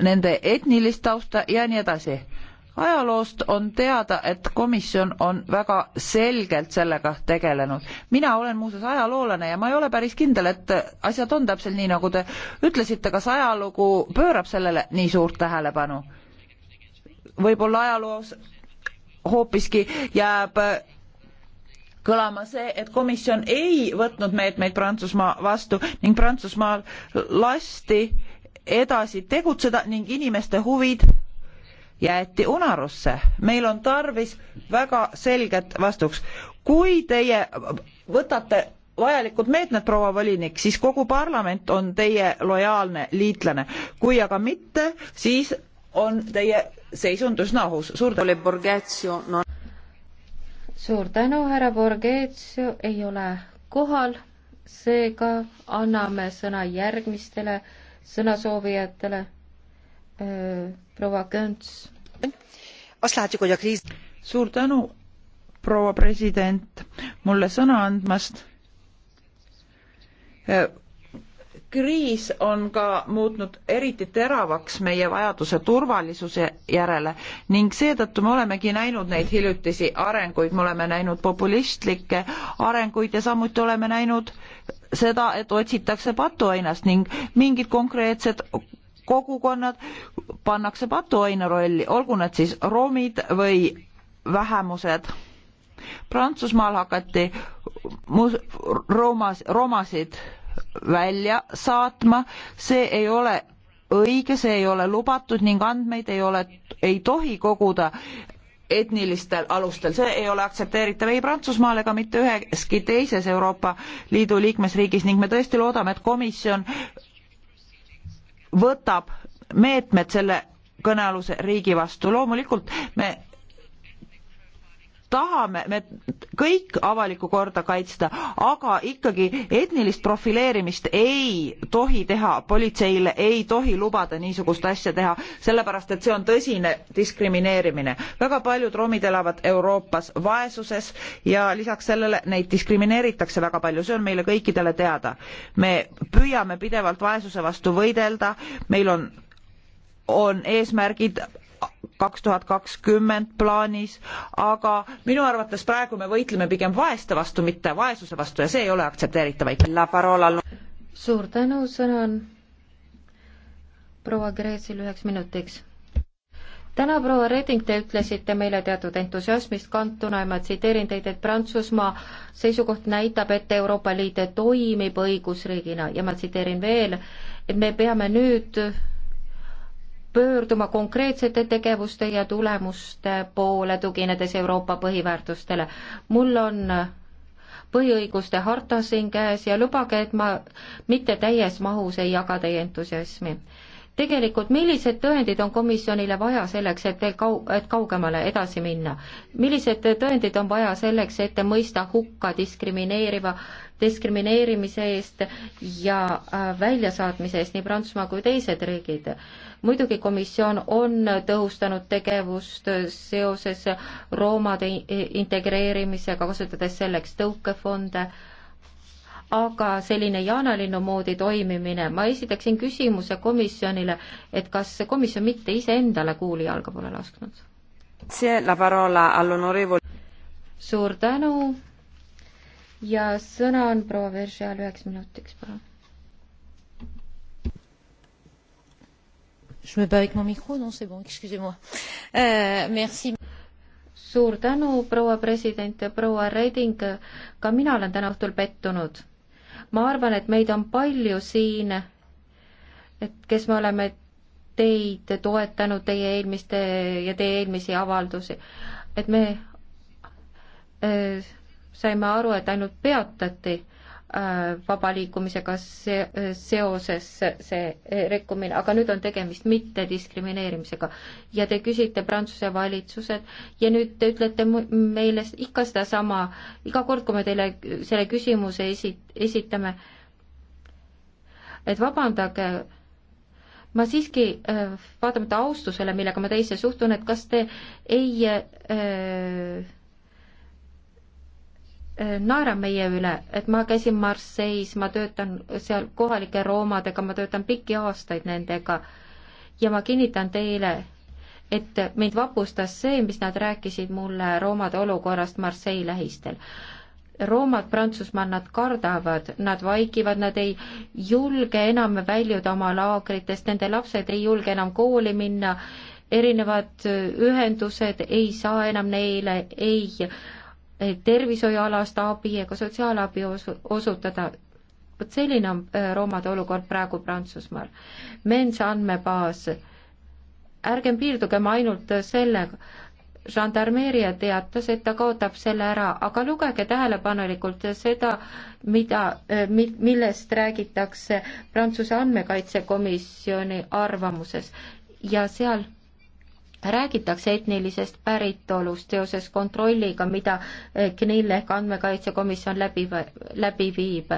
nende etnilist tausta ja nii edasi ajaloost on teada, et komisjon on väga selgelt sellega tegelenud. mina olen muuseas ajaloolane ja ma ei ole päris kindel, et asjad on täpselt nii, nagu te ütlesite, kas ajalugu pöörab sellele nii suurt tähelepanu? võib-olla ajaloos hoopiski jääb kõlama see, et komisjon ei võtnud meetmeid Prantsusmaa vastu ning Prantsusmaal lasti edasi tegutseda ning inimeste huvid jäeti unarusse. meil on tarvis väga selget vastuks. kui teie võtate vajalikud meetmed, proua volinik, siis kogu parlament on teie lojaalne liitlane. kui aga mitte, siis on teie seisund üsna ohus. suur tänu. suur tänu, härra Borghezio ei ole kohal, seega anname sõna järgmistele sõnasoovijatele. proua Könts azt látjuk, hogy a kriis... Suur tänu, proua president, mulle sõna andmast. Äh, kriis on ka muutnud eriti teravaks meie vajaduse turvalisuse järele ning seetõttu me olemegi näinud neid hiljutisi arenguid, me oleme näinud populistlikke arenguid ja samuti oleme näinud seda, et otsitakse patuainast ning mingid konkreetsed kogukonnad pannakse patuaine rolli, olgu nad siis romid või vähemused. Prantsusmaal hakati mus-, roomas, romasid välja saatma, see ei ole õige, see ei ole lubatud ning andmeid ei ole, ei tohi koguda etnilistel alustel, see ei ole aktsepteeritav ei Prantsusmaal ega mitte üheski teises Euroopa Liidu liikmesriigis ning me tõesti loodame, et komisjon võtab meetmed selle kõnealuse riigi vastu. loomulikult me tahame me kõik avalikku korda kaitsta, aga ikkagi etnilist profileerimist ei tohi teha, politseile ei tohi lubada niisugust asja teha, sellepärast et see on tõsine diskrimineerimine. väga paljud romid elavad Euroopas vaesuses ja lisaks sellele neid diskrimineeritakse väga palju, see on meile kõikidele teada. me püüame pidevalt vaesuse vastu võidelda, meil on on eesmärgid kaks tuhat kakskümmend plaanis, aga minu arvates praegu me võitleme pigem vaeste vastu, mitte vaesuse vastu ja see ei ole aktsepteeritav. suur tänu, sõna on proua Gräzil üheks minutiks täna, proua Reding, te ütlesite meile teatud entusiasmist kantuna ja ma tsiteerin teid, et Prantsusmaa seisukoht näitab, et Euroopa Liit toimib õigusriigina ja ma tsiteerin veel, et me peame nüüd pöörduma konkreetsete tegevuste ja tulemuste poole, tuginedes Euroopa põhiväärtustele. mul on põhiõiguste harta siin käes ja lubage, et ma mitte täies mahus ei jaga teie entusiasmi. tegelikult, millised tõendid on komisjonile vaja selleks, et veel kau-, et kaugemale edasi minna? millised tõendid on vaja selleks, et mõista hukka diskrimineeriva, diskrimineerimise eest ja äh, väljasaatmise eest nii Prantsusmaa kui teised riigid? muidugi komisjon on tõhustanud tegevust seoses roomade integreerimisega, kasutades selleks tõukefonde, aga selline jaanalinnu moodi toimimine, ma esitaksin küsimuse komisjonile, et kas komisjon mitte iseendale kuuli jalga pole lasknud? suur tänu ja sõna on proua Veržeal üheks minutiks, palun Je me bats avec mon micro, non, c'est bon, excusez-moi euh,. Merci. suur tänu, proua president ja proua Reding. ka mina olen täna õhtul pettunud. ma arvan, et meid on palju siin, et kes me oleme teid toetanud, teie eelmiste ja teie eelmisi avaldusi. et me äh, saime aru, et ainult peatati Äh, vaba liikumisega se-, seoses see äh, rikkumine, aga nüüd on tegemist mittediskrimineerimisega. ja te küsite Prantsuse valitsused ja nüüd te ütlete meile ikka sedasama, iga kord, kui me teile selle küsimuse esi-, esitame, et vabandage, ma siiski äh, vaatamata austusele, millega ma teisse suhtun, et kas te ei öö, Äh, naera meie üle, et ma käisin Marseille's, ma töötan seal kohalike roomadega, ma töötan pikki aastaid nendega ja ma kinnitan teile, et mind vapustas see, mis nad rääkisid mulle roomade olukorrast Marseille lähistel. roomad Prantsusmaal, nad kardavad, nad vaikivad, nad ei julge enam väljuda oma laagritest, nende lapsed ei julge enam kooli minna, erinevad ühendused ei saa enam neile ei Eh, tervishoiualast abi ega sotsiaalabi osu-, osutada. vot selline on eh, roomade olukord praegu Prantsusmaal. Mensa andmebaas, ärgem piirdugem ainult sellega, žandarmeeria teatas, et ta kaotab selle ära, aga lugege tähelepanelikult seda, mida, eh, mi-, millest räägitakse Prantsuse andmekaitsekomisjoni arvamuses ja seal räägitakse etnilisest päritolust seoses kontrolliga, mida CNIL eh, ehk Andmekaitsekomisjon läbi, läbi viib.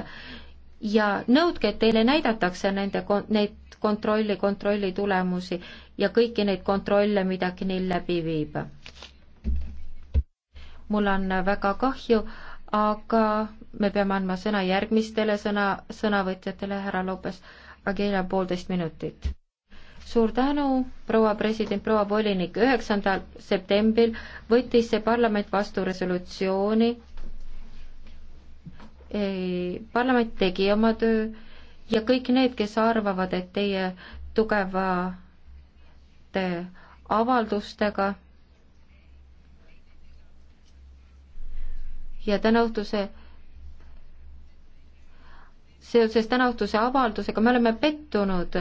ja nõudke, et teile näidatakse nende, neid kontrolli, kontrolli tulemusi ja kõiki neid kontrolle, mida CNIL läbi viib. mul on väga kahju, aga me peame andma sõna järgmistele sõna, sõnavõtjatele, härra Lopes, Agila poolteist minutit suur tänu, proua president, proua volinik, üheksandal septembril võttis see parlament vastu resolutsiooni. parlament tegi oma töö ja kõik need, kes arvavad, et teie tugevate avaldustega ja tänaõhtuse seoses tänaõhtuse avaldusega me oleme pettunud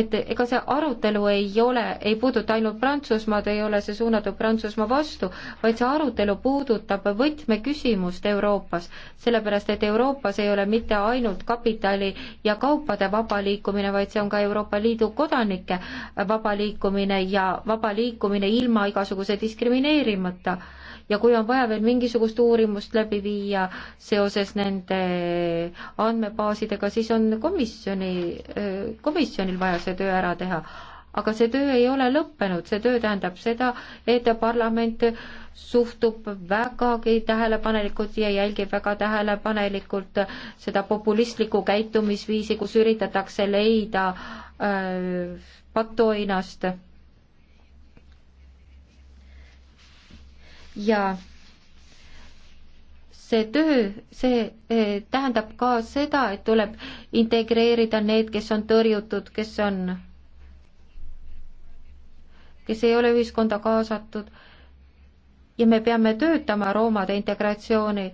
et ega see arutelu ei ole, ei puuduta ainult Prantsusmaad, ei ole see suunatud Prantsusmaa vastu, vaid see arutelu puudutab võtmeküsimust Euroopas, sellepärast et Euroopas ei ole mitte ainult kapitali ja kaupade vaba liikumine, vaid see on ka Euroopa Liidu kodanike vaba liikumine ja vaba liikumine ilma igasuguse diskrimineerimata ja kui on vaja veel mingisugust uurimust läbi viia seoses nende andmebaasidega, siis on komisjoni, komisjonil vaja see töö ära teha. aga see töö ei ole lõppenud, see töö tähendab seda, et parlament suhtub vägagi tähelepanelikult ja jälgib väga tähelepanelikult seda populistlikku käitumisviisi, kus üritatakse leida öö, äh, patuoinast ja see töö, see eh, tähendab ka seda, et tuleb integreerida need, kes on tõrjutud, kes on, kes ei ole ühiskonda kaasatud. ja me peame töötama roomade integratsiooni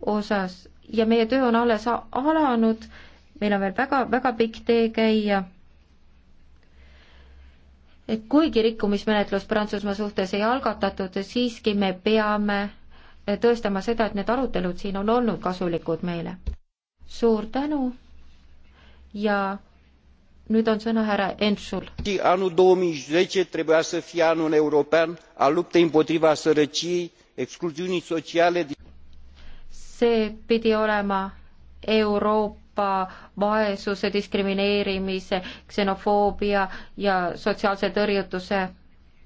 osas ja meie töö on alles alanud, meil on veel väga, väga pikk tee käia et kuigi rikkumismenetlus Prantsusmaa suhtes ei algatatud, siiski me peame eh, tõestama seda, et need arutelud siin on olnud kasulikud meile. suur tänu ja nüüd on sõna härra Entsul. anul 2010 trebuia să fie anul european al luptei împotriva sărăciei, excluziunii sociale. see pidi olema Euroopa Euroopa vaesuse, diskrimineerimise, ksenofoobia ja sotsiaalse tõrjutuse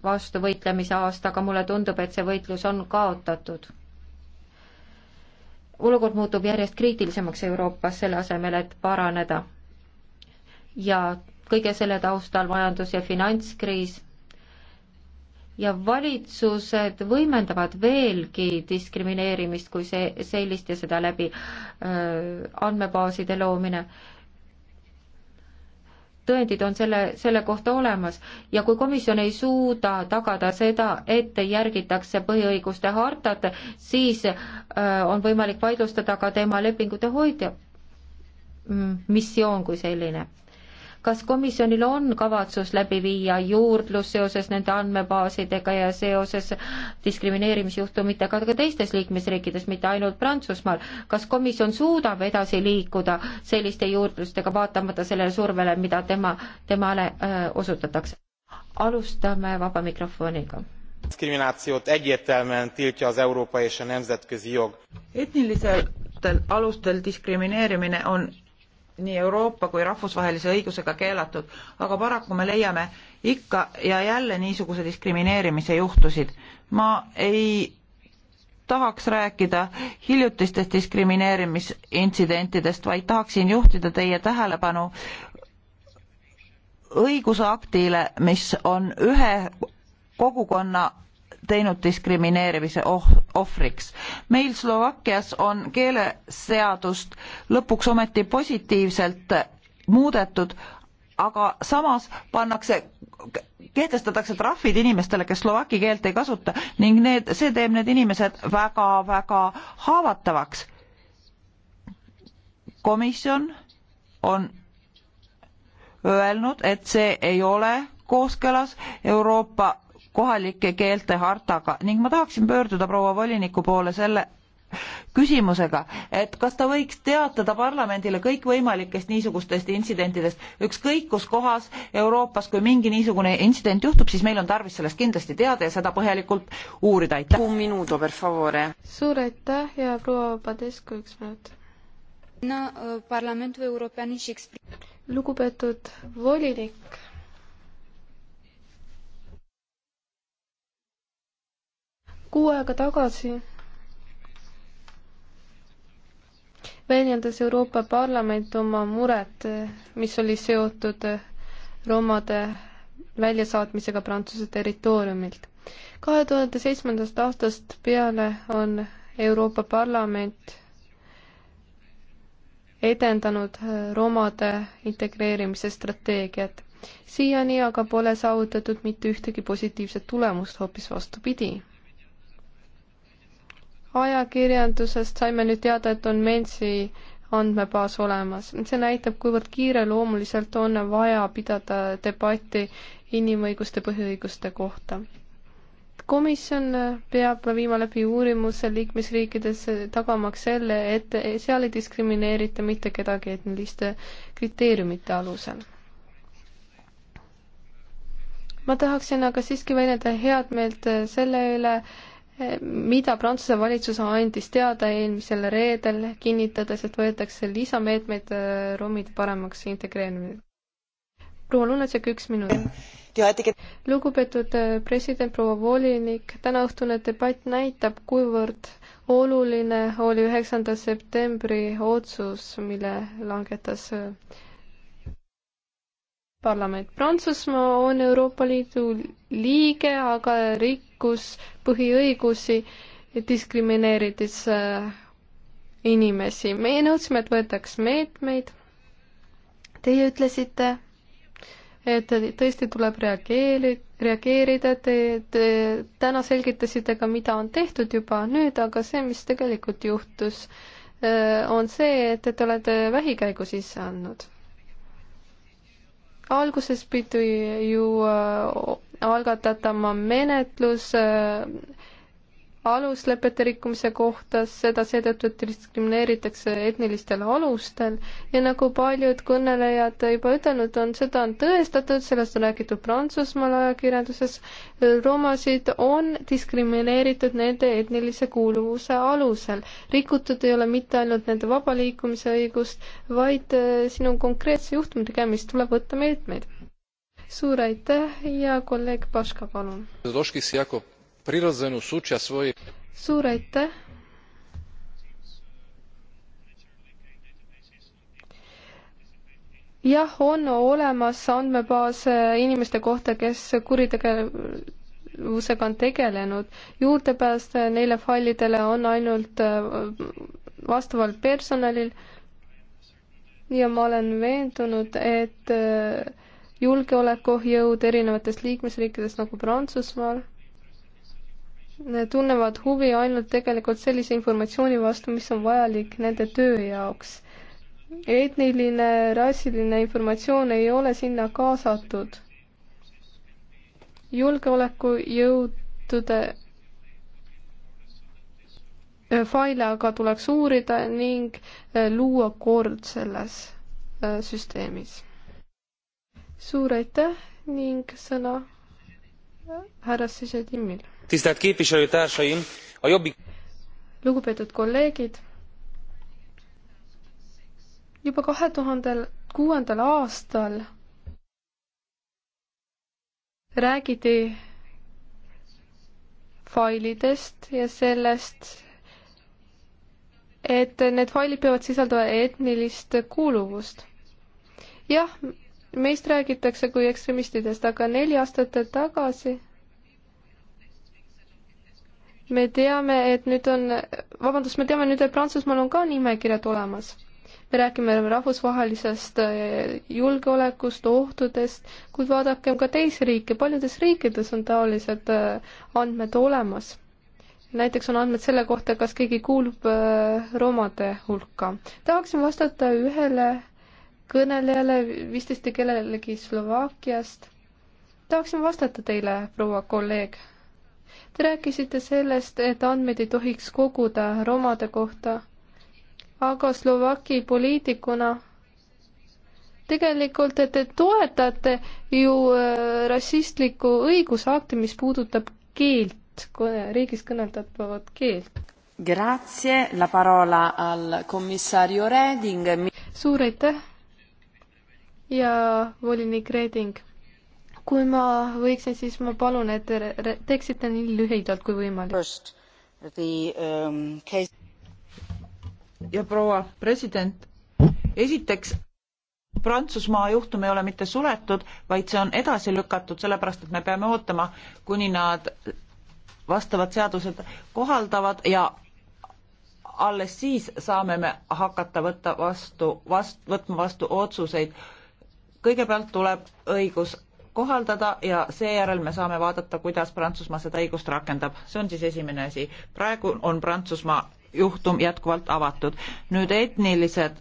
vastu võitlemise aasta, aga mulle tundub, et see võitlus on kaotatud. olukord muutub järjest kriitilisemaks Euroopas, selle asemel, et paraneda. ja kõige selle taustal majandus- ja finantskriis ja valitsused võimendavad veelgi diskrimineerimist kui see, sellist ja seda läbi öö, andmebaaside loomine. tõendid on selle, selle kohta olemas ja kui komisjon ei suuda tagada seda, et järgitakse põhiõiguste hartat, siis öö, on võimalik vaidlustada ka tema lepingute hoidja mm, missioon kui selline kas komisjonil on kavatsus läbi viia juurdlus seoses nende andmebaasidega ja seoses diskrimineerimisjuhtumitega ka teistes liikmesriikides, mitte ainult Prantsusmaal, kas komisjon suudab edasi liikuda selliste juurdlustega, vaatamata sellele survele, mida tema, temale öö, äh, osutatakse? alustame vaba mikrofoniga diszkriminációt egyértelműen tiltja az európai és a nemzetközi jog. etnilistel alustel diskrimineerimine on nii Euroopa kui rahvusvahelise õigusega keelatud, aga paraku me leiame ikka ja jälle niisuguse diskrimineerimise juhtusid. ma ei tahaks rääkida hiljutistest diskrimineerimisintsidentidest, vaid tahaksin juhtida teie tähelepanu õigusaktile, mis on ühe kogukonna teinud diskrimineerimise oh ohvriks. meil Slovakkias on keeleseadust lõpuks ometi positiivselt muudetud, aga samas pannakse kehtestatakse trahvid inimestele, kes slovaki keelt ei kasuta ning need, see teeb need inimesed väga-väga haavatavaks. komisjon on öelnud, et see ei ole kooskõlas Euroopa kohalike keelte hartaga ning ma tahaksin pöörduda proua voliniku poole selle küsimusega, et kas ta võiks teatada parlamendile kõikvõimalikest niisugustest intsidentidest, ükskõik kus kohas Euroopas, kui mingi niisugune intsident juhtub, siis meil on tarvis sellest kindlasti teada ja seda põhjalikult uurida, aitäh. un minuto per favore. suur aitäh ja proua Padescu üks minut. no eh, parlamentu Euroopa nii siis. lugupeetud volinik kuu aega tagasi väljendas Euroopa Parlament oma muret, mis oli seotud romade väljasaatmisega Prantsuse territooriumilt. kahe tuhande seitsmendast aastast peale on Euroopa Parlament edendanud romade integreerimise strateegiat. siiani aga pole saavutatud mitte ühtegi positiivset tulemust, hoopis vastupidi ajakirjandusest saime nüüd teada, et on Mensi andmebaas olemas. see näitab, kuivõrd kiireloomuliselt on vaja pidada debatti inimõiguste põhiõiguste kohta. komisjon peab viima läbi uurimuse liikmesriikides, tagamaks selle, et seal ei diskrimineerita mitte kedagi etniliste kriteeriumite alusel. ma tahaksin aga siiski väljendada head meelt selle üle, mida Prantsuse valitsus andis teada eelmisel reedel, kinnitades, et võetakse lisameetmeid äh, romide paremaks integreerimiseks. proua Lunatšek, üks minut. lugupeetud äh, president, proua volinik, tänaõhtune debatt näitab, kuivõrd oluline oli üheksanda septembri otsus, mille langetas äh, parlament. Prantsusmaa on Euroopa Liidu liige, aga rikkus põhiõigusi diskrimineerides äh, inimesi. meie nõudsime, et võetaks meetmeid. Teie ütlesite, et tõesti tuleb reageeri-, reageerida, te, te täna selgitasite ka, mida on tehtud juba nüüd, aga see, mis tegelikult juhtus, äh, on see, et te olete vähikäigu sisse andnud alguses pidi ju äh, algatatama menetlus äh, aluslepete rikkumise kohta, seda seetõttu, et diskrimineeritakse etnilistel alustel ja nagu paljud kõnelejad juba ütelnud on, seda on tõestatud, sellest on räägitud Prantsusmaal ajakirjanduses, romasid on diskrimineeritud nende etnilise kuuluvuse alusel. rikutud ei ole mitte ainult nende vaba liikumise õigust, vaid äh, siin on konkreetse juhtumi tegemist, tuleb võtta meetmeid. suur aitäh ja kolleeg Paška, palun prirodzenú súčasť svojej. suur aitäh. jah, on olemas andmebaas inimeste kohta, kes kuritegevusega on tegelenud. juurdepääs neile failidele on ainult äh, vastaval personalil ja ma olen veendunud, et äh, julgeolekujõud erinevatest liikmesriikidest nagu Prantsusmaal tunnevad huvi ainult tegelikult sellise informatsiooni vastu, mis on vajalik nende töö jaoks. etniline, rassiline informatsioon ei ole sinna kaasatud. julgeolekujõudude äh, faile aga tuleks uurida ning äh, luua kord selles äh, süsteemis. suur aitäh ning sõna härra Sisedimmile lugupeetud kolleegid juba kahe tuhande kuuendal aastal räägiti failidest ja sellest, et need failid peavad sisaldama etnilist kuuluvust. jah, meist räägitakse kui ekstremistidest, aga neli aastat tagasi me teame, et nüüd on, vabandust, me teame nüüd, et Prantsusmaal on ka nimekirjad olemas. me räägime rahvusvahelisest eh, julgeolekust, ohtudest, kuid vaadakem ka teisi riike, paljudes riikides on taolised eh, andmed olemas. näiteks on andmed selle kohta, kas keegi kuulub eh, romade hulka. tahaksin vastata ühele kõnelejale, vist kellelegi Slovakkiast. tahaksin vastata teile, proua kolleeg Te rääkisite sellest, et andmeid ei tohiks koguda romade kohta, aga Slovaki poliitikuna tegelikult te toetate ju äh, rassistlikku õigusakti, mis puudutab keelt, riigis kõneldatavat keelt. Grazie, la parola al commissario Reding. suur aitäh ja volinik Reding kui ma võiksin, siis ma palun, et te teeksite nii lühidalt kui võimalik. Um, case... ja proua president, esiteks Prantsusmaa juhtum ei ole mitte suletud, vaid see on edasi lükatud, sellepärast et me peame ootama, kuni nad vastavad seadused kohaldavad ja alles siis saame me hakata võtta vastu, vast-, võtma vastu otsuseid. kõigepealt tuleb õigus kohaldada ja seejärel me saame vaadata, kuidas Prantsusmaa seda õigust rakendab. see on siis esimene asi. praegu on Prantsusmaa juhtum jätkuvalt avatud. nüüd etnilised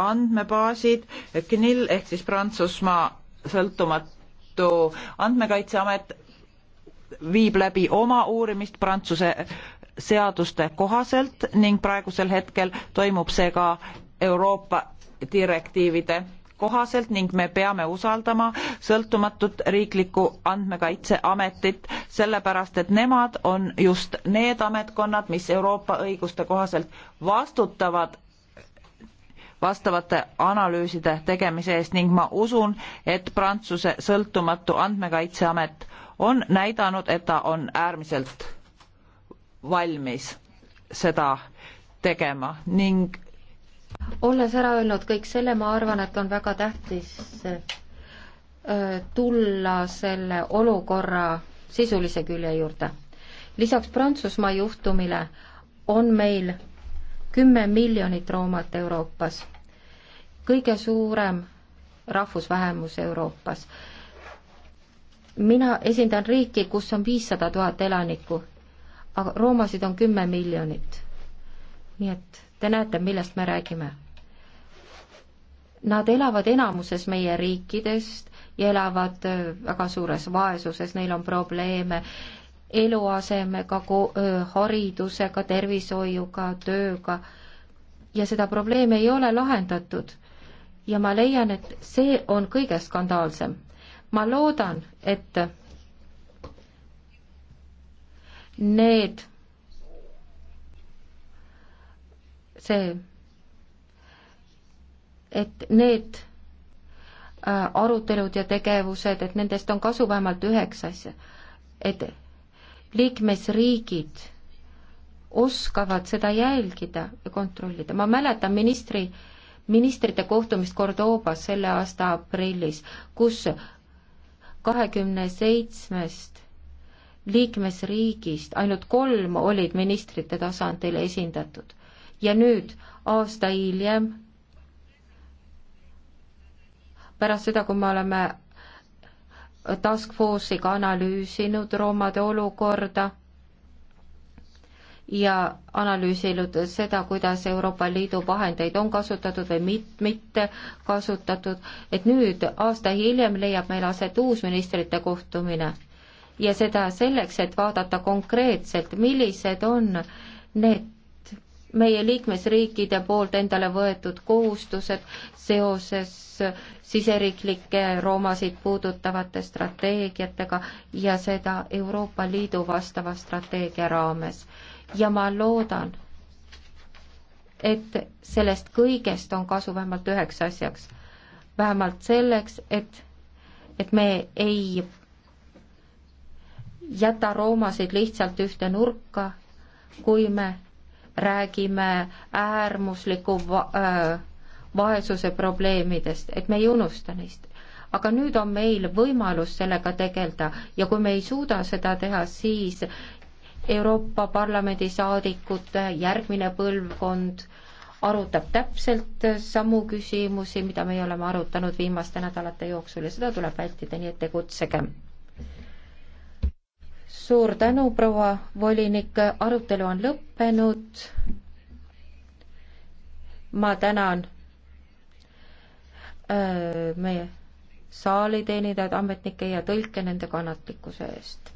andmebaasid, CNIL ehk siis Prantsusmaa sõltumatu andmekaitseamet viib läbi oma uurimist Prantsuse seaduste kohaselt ning praegusel hetkel toimub see ka Euroopa direktiivide kohaselt ning me peame usaldama sõltumatut riiklikku andmekaitseametit, sellepärast et nemad on just need ametkonnad, mis Euroopa õiguste kohaselt vastutavad vastavate analüüside tegemise eest ning ma usun, et Prantsuse sõltumatu andmekaitseamet on näidanud, et ta on äärmiselt valmis seda tegema ning olles ära öelnud kõik selle, ma arvan, et on väga tähtis äh, tulla selle olukorra sisulise külje juurde. lisaks Prantsusmaa juhtumile on meil kümme miljonit roomat Euroopas, kõige suurem rahvusvähemus Euroopas. mina esindan riiki, kus on viissada tuhat elanikku, aga roomasid on kümme miljonit nii et te näete, millest me räägime. Nad elavad enamuses meie riikidest ja elavad äh, väga suures vaesuses, neil on probleeme eluasemega, haridusega, tervishoiuga, tööga ja seda probleemi ei ole lahendatud. ja ma leian, et see on kõige skandaalsem. ma loodan, et need see, et need äh, arutelud ja tegevused, et nendest on kasu vähemalt üheks asja, et liikmesriigid oskavad seda jälgida ja kontrollida, ma mäletan ministri, ministrite kohtumist Cordobas selle aasta aprillis, kus kahekümne seitsmest liikmesriigist ainult kolm olid ministrite tasandil esindatud ja nüüd, aasta hiljem, pärast seda, kui me oleme task force'iga analüüsinud roomade olukorda ja analüüsinud seda, kuidas Euroopa Liidu vahendeid on kasutatud või mit-, mitte kasutatud, et nüüd, aasta hiljem leiab meil aset uus ministrite kohtumine. ja seda selleks, et vaadata konkreetselt, millised on need meie liikmesriikide poolt endale võetud kohustused seoses siseriiklike roomasid puudutavate strateegiatega ja seda Euroopa Liidu vastava strateegia raames. ja ma loodan, et sellest kõigest on kasu vähemalt üheks asjaks. vähemalt selleks, et, et me ei jäta roomasid lihtsalt ühte nurka, kui me räägime äärmusliku va äh, vaesuse probleemidest, et me ei unusta neist. aga nüüd on meil võimalus sellega tegeleda ja kui me ei suuda seda teha, siis Euroopa Parlamendi saadikute järgmine põlvkond arutab täpselt samu küsimusi, mida meie oleme arutanud viimaste nädalate jooksul ja seda tuleb vältida, nii et tegutsegem suur tänu, proua volinik, arutelu on lõppenud. ma tänan öö, äh, meie saali teenijaid, ametnikke ja tõlke nende kannatlikkuse eest